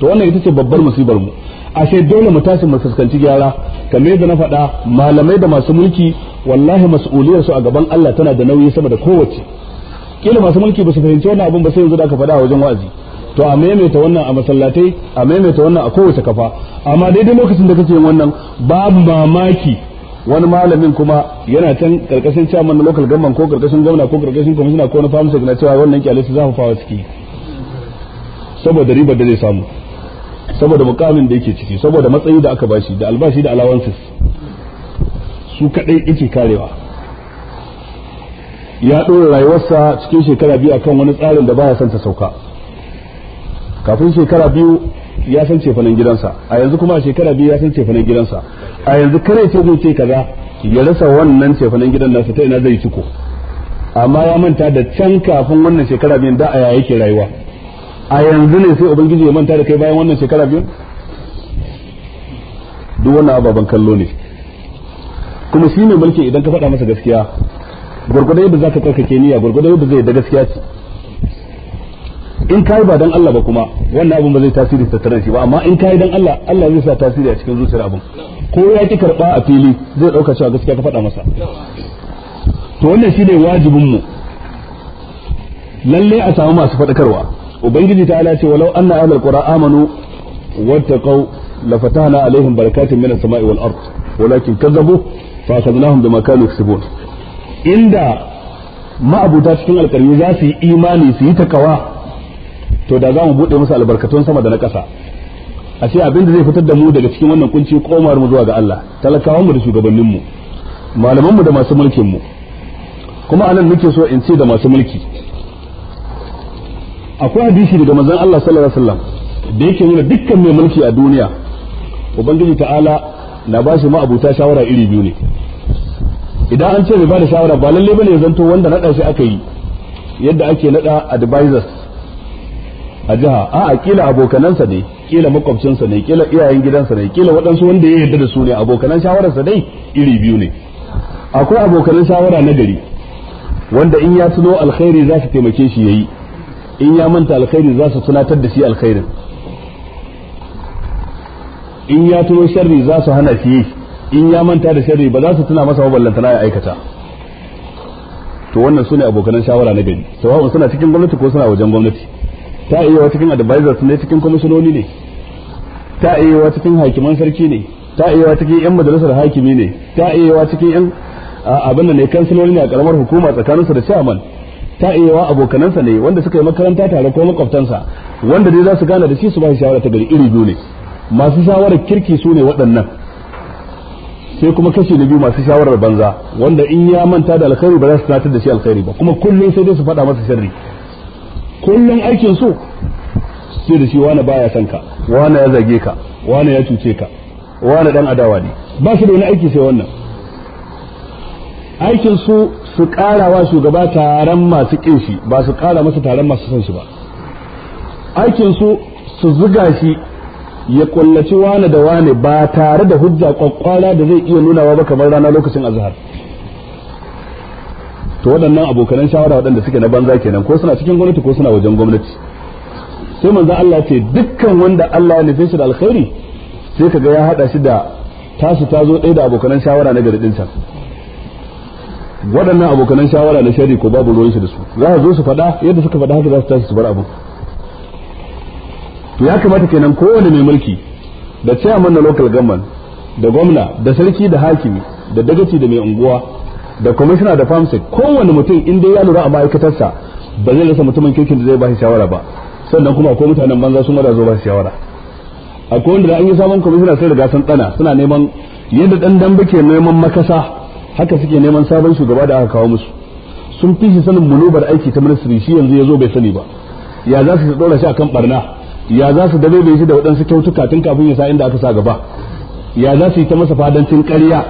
to wannan ita ce babbar musibar mu ashe dole mu tashi mu fuskanci gyara kamar yadda na faɗa malamai da masu mulki wallahi mas'uliyar su a gaban Allah tana da nauyi sama da kowace kila masu mulki ba su fahimci wannan abin ba sai yanzu da aka faɗa a wajen wazi to a maimaita wannan a masallatai a maimaita wannan a kowace kafa amma daidai lokacin da kake yin wannan babu mamaki wani malamin kuma yana can karkashin chairman na local government ko karkashin gwamna ko karkashin commissioner ko na farm gina cewa wannan kyalai su zafafawa suke saboda ribar da zai samu saboda mukamin da yake ciki saboda matsayi da aka bashi da albashi da allowances su kadai yake karewa ya ɗora rayuwarsa cikin shekara biyu akan wani tsarin da baya son ta sauka kafin shekara biyu ya san cefanen gidansa a yanzu kuma a shekara biyu ya san cefanen gidansa a yanzu kare ce zai ce kaza ya rasa wannan cefanen gidan nasa ta ina zai ciko amma ya manta da can kafin wannan shekara biyu da a yake rayuwa a yanzu ne sai ubangiji ya manta da kai bayan wannan shekara biyu duk wannan ababen kallo ne kuma shi ne mulki idan ka faɗa masa gaskiya gurgurda yadda za ka tsarkake niyya gurgurda yadda zai da gaskiya ce in ka yi ba dan Allah ba kuma wannan abin ba zai tasiri tattare shi ba amma in ka yi dan Allah Allah zai sa tasiri a cikin zuciyar abin ko ya ki karɓa a fili zai ɗauka cewa gaskiya ka faɗa masa to wannan shi ne wajibinmu lallai a samu masu faɗakarwa ubangiji ta ala ce walau anna ahlul qura amanu wattaqau lafatahna alaihim barakatun minas sama'i wal ard walakin kazzabu fa akhadnahum bima kanu yaksubun inda ma'abuta cikin alƙarni za su yi imani su yi takawa to da za mu buɗe musu albarkatun sama da na ƙasa a ce abinda da zai fitar da mu daga cikin wannan kunci komar mu zuwa ga Allah mu da shugabanninmu mu da masu mulkinmu kuma anan nake so in ce da masu mulki akwai hadisi daga manzon Allah sallallahu alaihi wasallam da yake nuna dukkan mai mulki a duniya ubangiji ta'ala na ba shi ma'abuta shawara iri biyu ne idan an ce mai ba da shawara ba lalle bane ya zanto wanda nada shi aka yi yadda ake nada advisors a jiha a a abokanansa ne kila makwabcinsa ne kila iyayen gidansa ne kila waɗansu wanda ya yarda da su ne abokanan shawararsa dai iri biyu ne akwai abokanan shawara na gari wanda in ya tuno alkhairi za su taimake shi yayi in ya manta alkhairi za su tunatar da shi alkhairin in ya tuno sharri za su hana shi in ya manta da sharri ba za su tuna masa ballantana ya aikata to wannan sune abokan shawara na gari sawa'un suna cikin gwamnati ko suna wajen gwamnati ta iya wa cikin advisors ne cikin kwamishinoni ne ta iya wa cikin hakiman sarki ne ta iya wa cikin yan majalisar hakimi ne ta iya wa cikin yan abin da ne kansiloli ne a karamar hukuma tsakaninsu da chairman ta iya abokanansa ne wanda suka yi makaranta tare ko makwabtansa wanda dai za su gane da shi su ba shi shawara ta gari iri biyu ne masu shawarar kirki su ne waɗannan sai kuma kashi na biyu masu shawarar banza wanda in ya manta da alkhairi ba za su tunatar da shi alkhairi ba kuma kullum sai dai su faɗa masa sharri kullum aikin su sai da shi wani baya son ka wani ya zage ka wani ya cuce ka wani dan adawa ne ba su da wani aiki sai wannan aikin su su ƙara wa shugaba taron masu ƙinshi shi ba su ƙara masa taron masu son shi ba aikin su su zuga shi ya kullaci wane da wane ba tare da hujja kwakwara da zai iya nunawa ba kamar rana lokacin azhar to waɗannan abokanan shawara waɗanda suke na banza kenan ko suna cikin gwamnati ko suna wajen gwamnati sai manzo Allah ce dukkan wanda Allah ya nufe shi da alkhairi sai kaga ya hada shi da tasu ta zo ɗaya da abokanan shawara na garidin sa waɗannan abokanan shawara na shari ko babu ruwan shi da su za a zo su faɗa yadda suka faɗa haka za su tashi su bar abu. to ya kamata kenan kowane mai mulki da chairman na local government da gwamna da sarki da hakimi da dagaci da mai unguwa da kwamishina da famsek kowane mutum in dai ya lura a ma'aikatarsa ba zai rasa mutumin kirkin da zai ba shi shawara ba sannan kuma akwai mutanen banza sun wada zo ba shi shawara akwai wanda da an yi sabon kwamishina sai riga sun tsana suna neman yadda dandan dambe ke neman makasa haka suke neman sabon shugaba da aka kawo musu sun fi shi sanin mulubar aiki ta ministry shi yanzu ya zo bai sani ba ya za su ɗora shi akan barna ya za su dabe shi da waɗansu kyautuka tun kafin ya sa inda aka sa gaba ya za su yi ta masa fadancin karya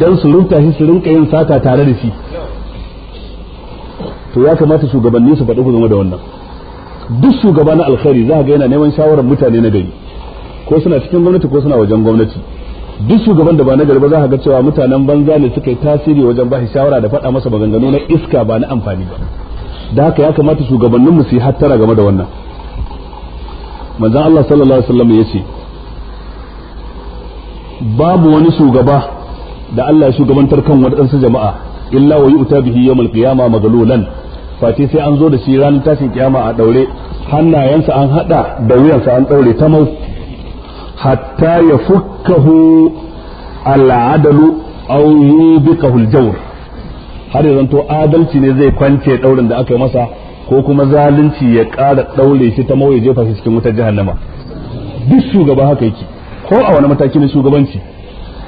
don su rinta shi su rinka yin sata tare da shi to ya kamata shugabanni su faɗi zama da wannan duk shugaba na alkhairi za ga yana neman shawarar mutane na gari ko suna cikin gwamnati ko suna wajen gwamnati duk shugaban da ba na garba za ka ga cewa mutanen banza ne suka yi tasiri wajen ba shi shawara da faɗa masa maganganu na iska ba na amfani ba da haka ya kamata shugabanninmu su yi hattara game da wannan manzan Allah sallallahu alaihi wasallam ya ce babu wani shugaba da Allah ya shugabantar kan wadansu jama'a illa wa yu'ta bihi yawmal qiyama maglulan fati sai an zo da shi ranar tashin kiyama a daure hannayensa an hada da wuyansa an daure ta mau hatta ya fukkahu al'adalu aw الجور har yanzu to adalci ne zai kwance daurin da aka yi masa ko kuma zalunci ya ƙara daure shi ta mawaye jefa shi cikin wutar jahannama duk shugaba haka yake ko a wani mataki na shugabanci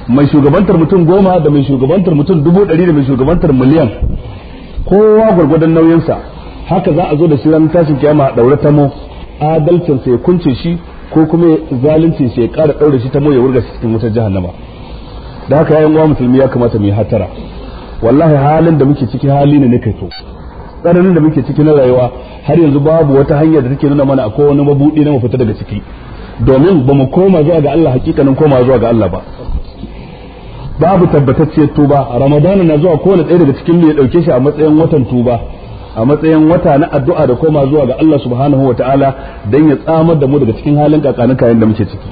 mai shugabantar mutum goma da mai shugabantar mutum dubu ɗari da mai shugabantar miliyan kowa gwargwadon nauyinsa haka za a zo da shi tashin kiyama a ɗaure mu adalcin sai kunce shi ko kuma zalunci sai ya kara ɗaure shi ta moye wurga shi cikin wutar jahannama da haka yayin uwa musulmi ya kamata mu yi hatara wallahi halin da muke ciki hali ne na so. to tsananin da muke ciki na rayuwa har yanzu babu wata hanyar da take nuna mana akwai wani mabudi na mafita fita daga ciki domin ba mu koma zuwa ga Allah hakikanin koma zuwa ga Allah ba babu tabbatacciyar tuba ramadana na zuwa kowane ɗaya daga cikin mu ya ɗauke shi a matsayin watan tuba a matsayin wata na addu'a da koma zuwa ga Allah subhanahu wataala don ya tsamar da mu daga cikin halin kayan da muke ciki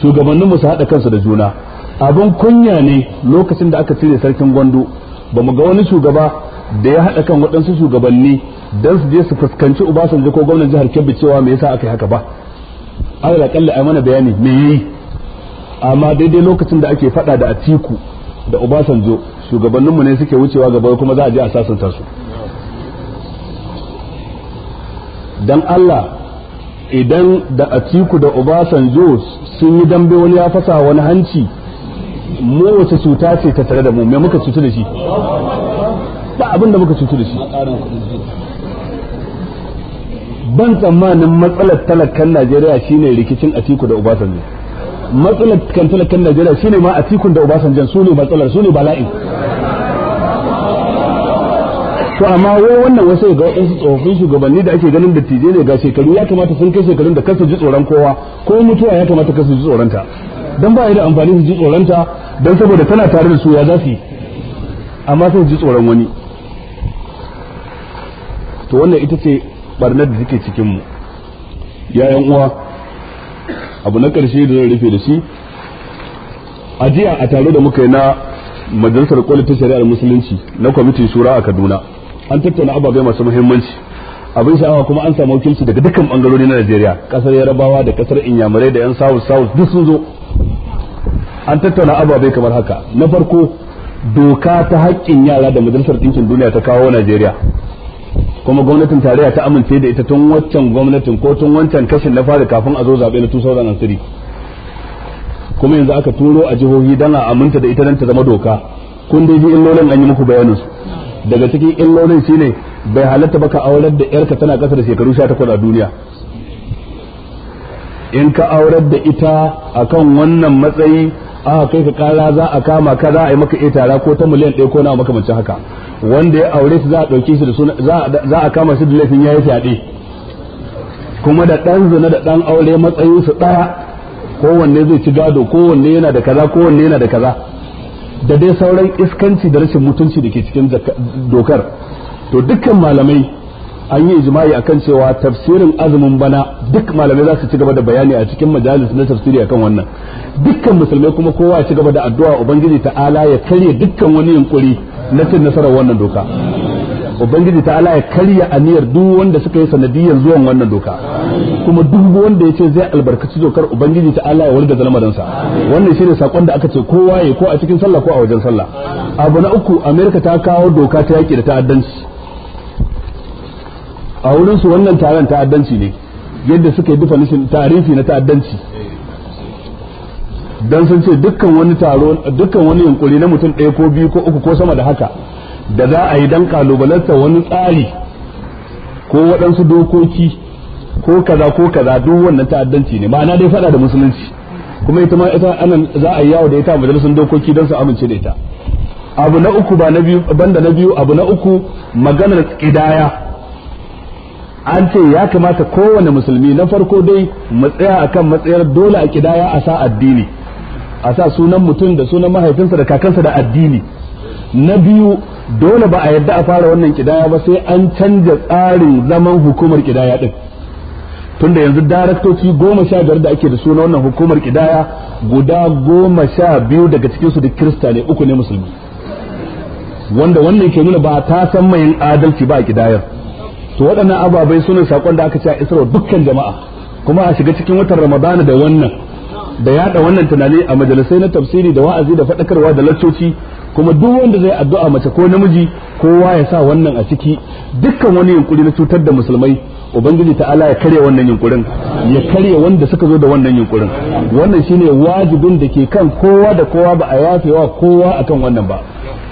shugabanninmu su haɗa kansu da juna abin kunya ne lokacin da aka cire sarkin gwandu ba mu ga wani shugaba da ya haɗa kan waɗansu shugabanni don su je su fuskanci ubasanji ko gwamnan jihar kebbi cewa me yasa aka yi haka ba alal akalla ai mana bayani me yi amma daidai lokacin da ake faɗa da atiku da ubasanjo shugabanninmu ne suke wucewa gaba kuma za a je a sasanta su dan Allah idan da Atiku da Obasanjo sun yi dambe wani ya fasa wani hanci mu wace cuta ce ta tare da mu me muka cutu da shi ba abin da muka cutu da shi ban tsammanin matsalar talakan Najeriya shine rikicin Atiku da Obasanjo matsalar talakan Najeriya shine ma Atikun da Obasanjo su ne matsalar su ne bala'in to amma wai wannan wasu ga waɗansu tsofaffin shugabanni da ake ganin dattijai ne ga shekaru ya kamata sun kai shekarun da kasa ji tsoron kowa ko mutuwa ya kamata kasa ji tsoronta dan ba da amfani su ji tsoronta dan saboda tana tare da su ya zafi amma sai ji tsoron wani to wannan ita ce barnar da take cikin mu yan uwa abu na karshe da zan rufe da shi a jiya a tare da muka yi na majalisar kwalitin shari'ar musulunci na kwamitin shura a kaduna an tattauna ababai masu muhimmanci abin sha'awa kuma an samu wakilci daga dukkan bangarori na Najeriya kasar Yarabawa da kasar Inyamurai da yan South South duk sun zo an tattauna ababai kamar haka na farko doka ta haƙƙin yara da majalisar ɗinkin duniya ta kawo Najeriya kuma gwamnatin tarayya ta amince da ita tun waccan gwamnatin ko tun wancan kashin na fari kafin a zo zaɓe na 2003 kuma yanzu aka turo a jihohi dan a aminta da ita dan ta zama doka kun dai ji illolin an yi muku bayanin daga cikin illolin shine bai halatta baka aurar da yarka tana kasa da shekaru 18 a duniya in ka aurar da ita akan wannan matsayi aka kai ka kara za a kama ka za a yi maka itara ko ta miliyan ɗaya ko na makamancin haka wanda ya aure su za a ɗauki shi da suna za a kama shi da laifin ya yi fyaɗe kuma da ɗan zina da ɗan aure matsayinsu ɗaya kowanne zai ci gado kowanne yana da kaza kowanne yana da kaza da dai sauran iskanci da rashin mutunci da ke cikin dokar to dukkan malamai an yi ijma'i akan cewa tafsirin azumin bana duk malamai za su ci gaba da bayani a cikin majalis na tafsiri akan wannan dukkan musulmai kuma kowa ya ci gaba da addu'a ubangiji ta'ala ya karya dukkan wani yunkuri na cin nasarar wannan doka ubangiji ta ala ya karya aniyar duk wanda suka yi sanadiyar zuwan wannan doka kuma duk wanda ya ce zai albarkaci dokar ubangiji ta ala ya warga zalmadansa wannan shine sakon da aka ce kowa yayi ko a cikin sallah ko a wajen sallah abu na uku america ta kawo doka ta yaki da ta'addanci a wurin su wannan taron ta'addanci ne yadda suka yi definition tarifi na ta'addanci dan sun ce dukkan wani taro dukkan wani yunkuri na mutum ɗaya ko biyu ko uku ko sama da haka da za a yi dan kalubalarsa wani tsari ko waɗansu dokoki ko kaza ko kaza duk wannan ta'addanci ne ma'ana dai fada da musulunci kuma ita ma za a yi yawo da ita a majalisun dokoki don su amince da ita abu na uku ba na biyu banda na biyu abu na uku maganar kidaya an ce ya kamata kowane musulmi na farko dai mu tsaya akan matsayar dole a kidaya a sa addini a sa sunan mutum da sunan mahaifinsa da kakansa da addini na biyu dole ba a yadda a fara wannan kidaya ba sai an canja tsarin zaman hukumar kidaya din tunda yanzu daraktoci goma sha biyar da ake da su wannan hukumar kidaya guda goma sha biyu daga cikinsu da kirista ne uku ne musulmi wanda wannan ke nuna ba ta san mai adalci ba a kidayar to waɗannan ababai suna sakon da aka ce a isarwa dukkan jama'a kuma a shiga cikin watan ramadana da wannan da yada wannan tunani a majalisai na tafsiri da wa'azi da faɗakarwa da laccoci kuma duk wanda zai addu'a mace ko namiji kowa ya sa wannan a ciki dukkan wani yunkuri na cutar da musulmai ubangiji ta'ala ya karya wannan yunkurin ya karya wanda suka zo da wannan yunkurin wannan shine wajibin da ke kan kowa da kowa ba a yafewa kowa akan wannan ba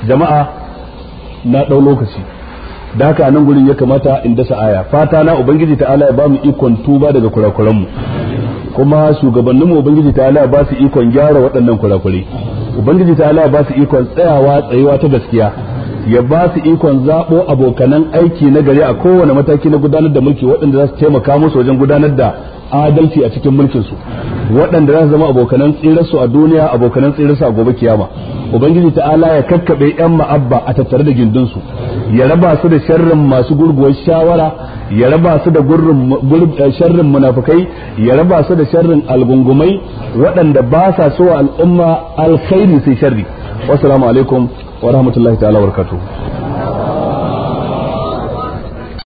jama'a na ɗau lokaci da haka nan gurin ya kamata in dasa aya fata na ubangiji ta'ala ya ba mu ikon tuba daga kurakuranmu kuma shugabannin ubangiji ta ala ba su ikon gyara waɗannan kurakurai ubangiji ta ala ba su ikon tsayawa tsayuwa ta gaskiya ya ba su ikon zaɓo abokanan aiki na gari a kowane mataki na gudanar da mulki waɗanda za su taimaka musu wajen gudanar da adalci a cikin su. waɗanda za su zama abokanan tsirarsu a duniya abokanan tsirarsu a gobe kiyama ubangiji ta'ala ya kakkaɓe yan ma'abba a tattare da gindinsu ya raba su da sharrin masu gurguwar shawara ya raba su da eh, sharrin munafukai ya raba su da sharrin algungumai waɗanda ba sa so al'umma alkhairi sai sharri wassalamu alaikum wa rahmatullahi ta'ala wa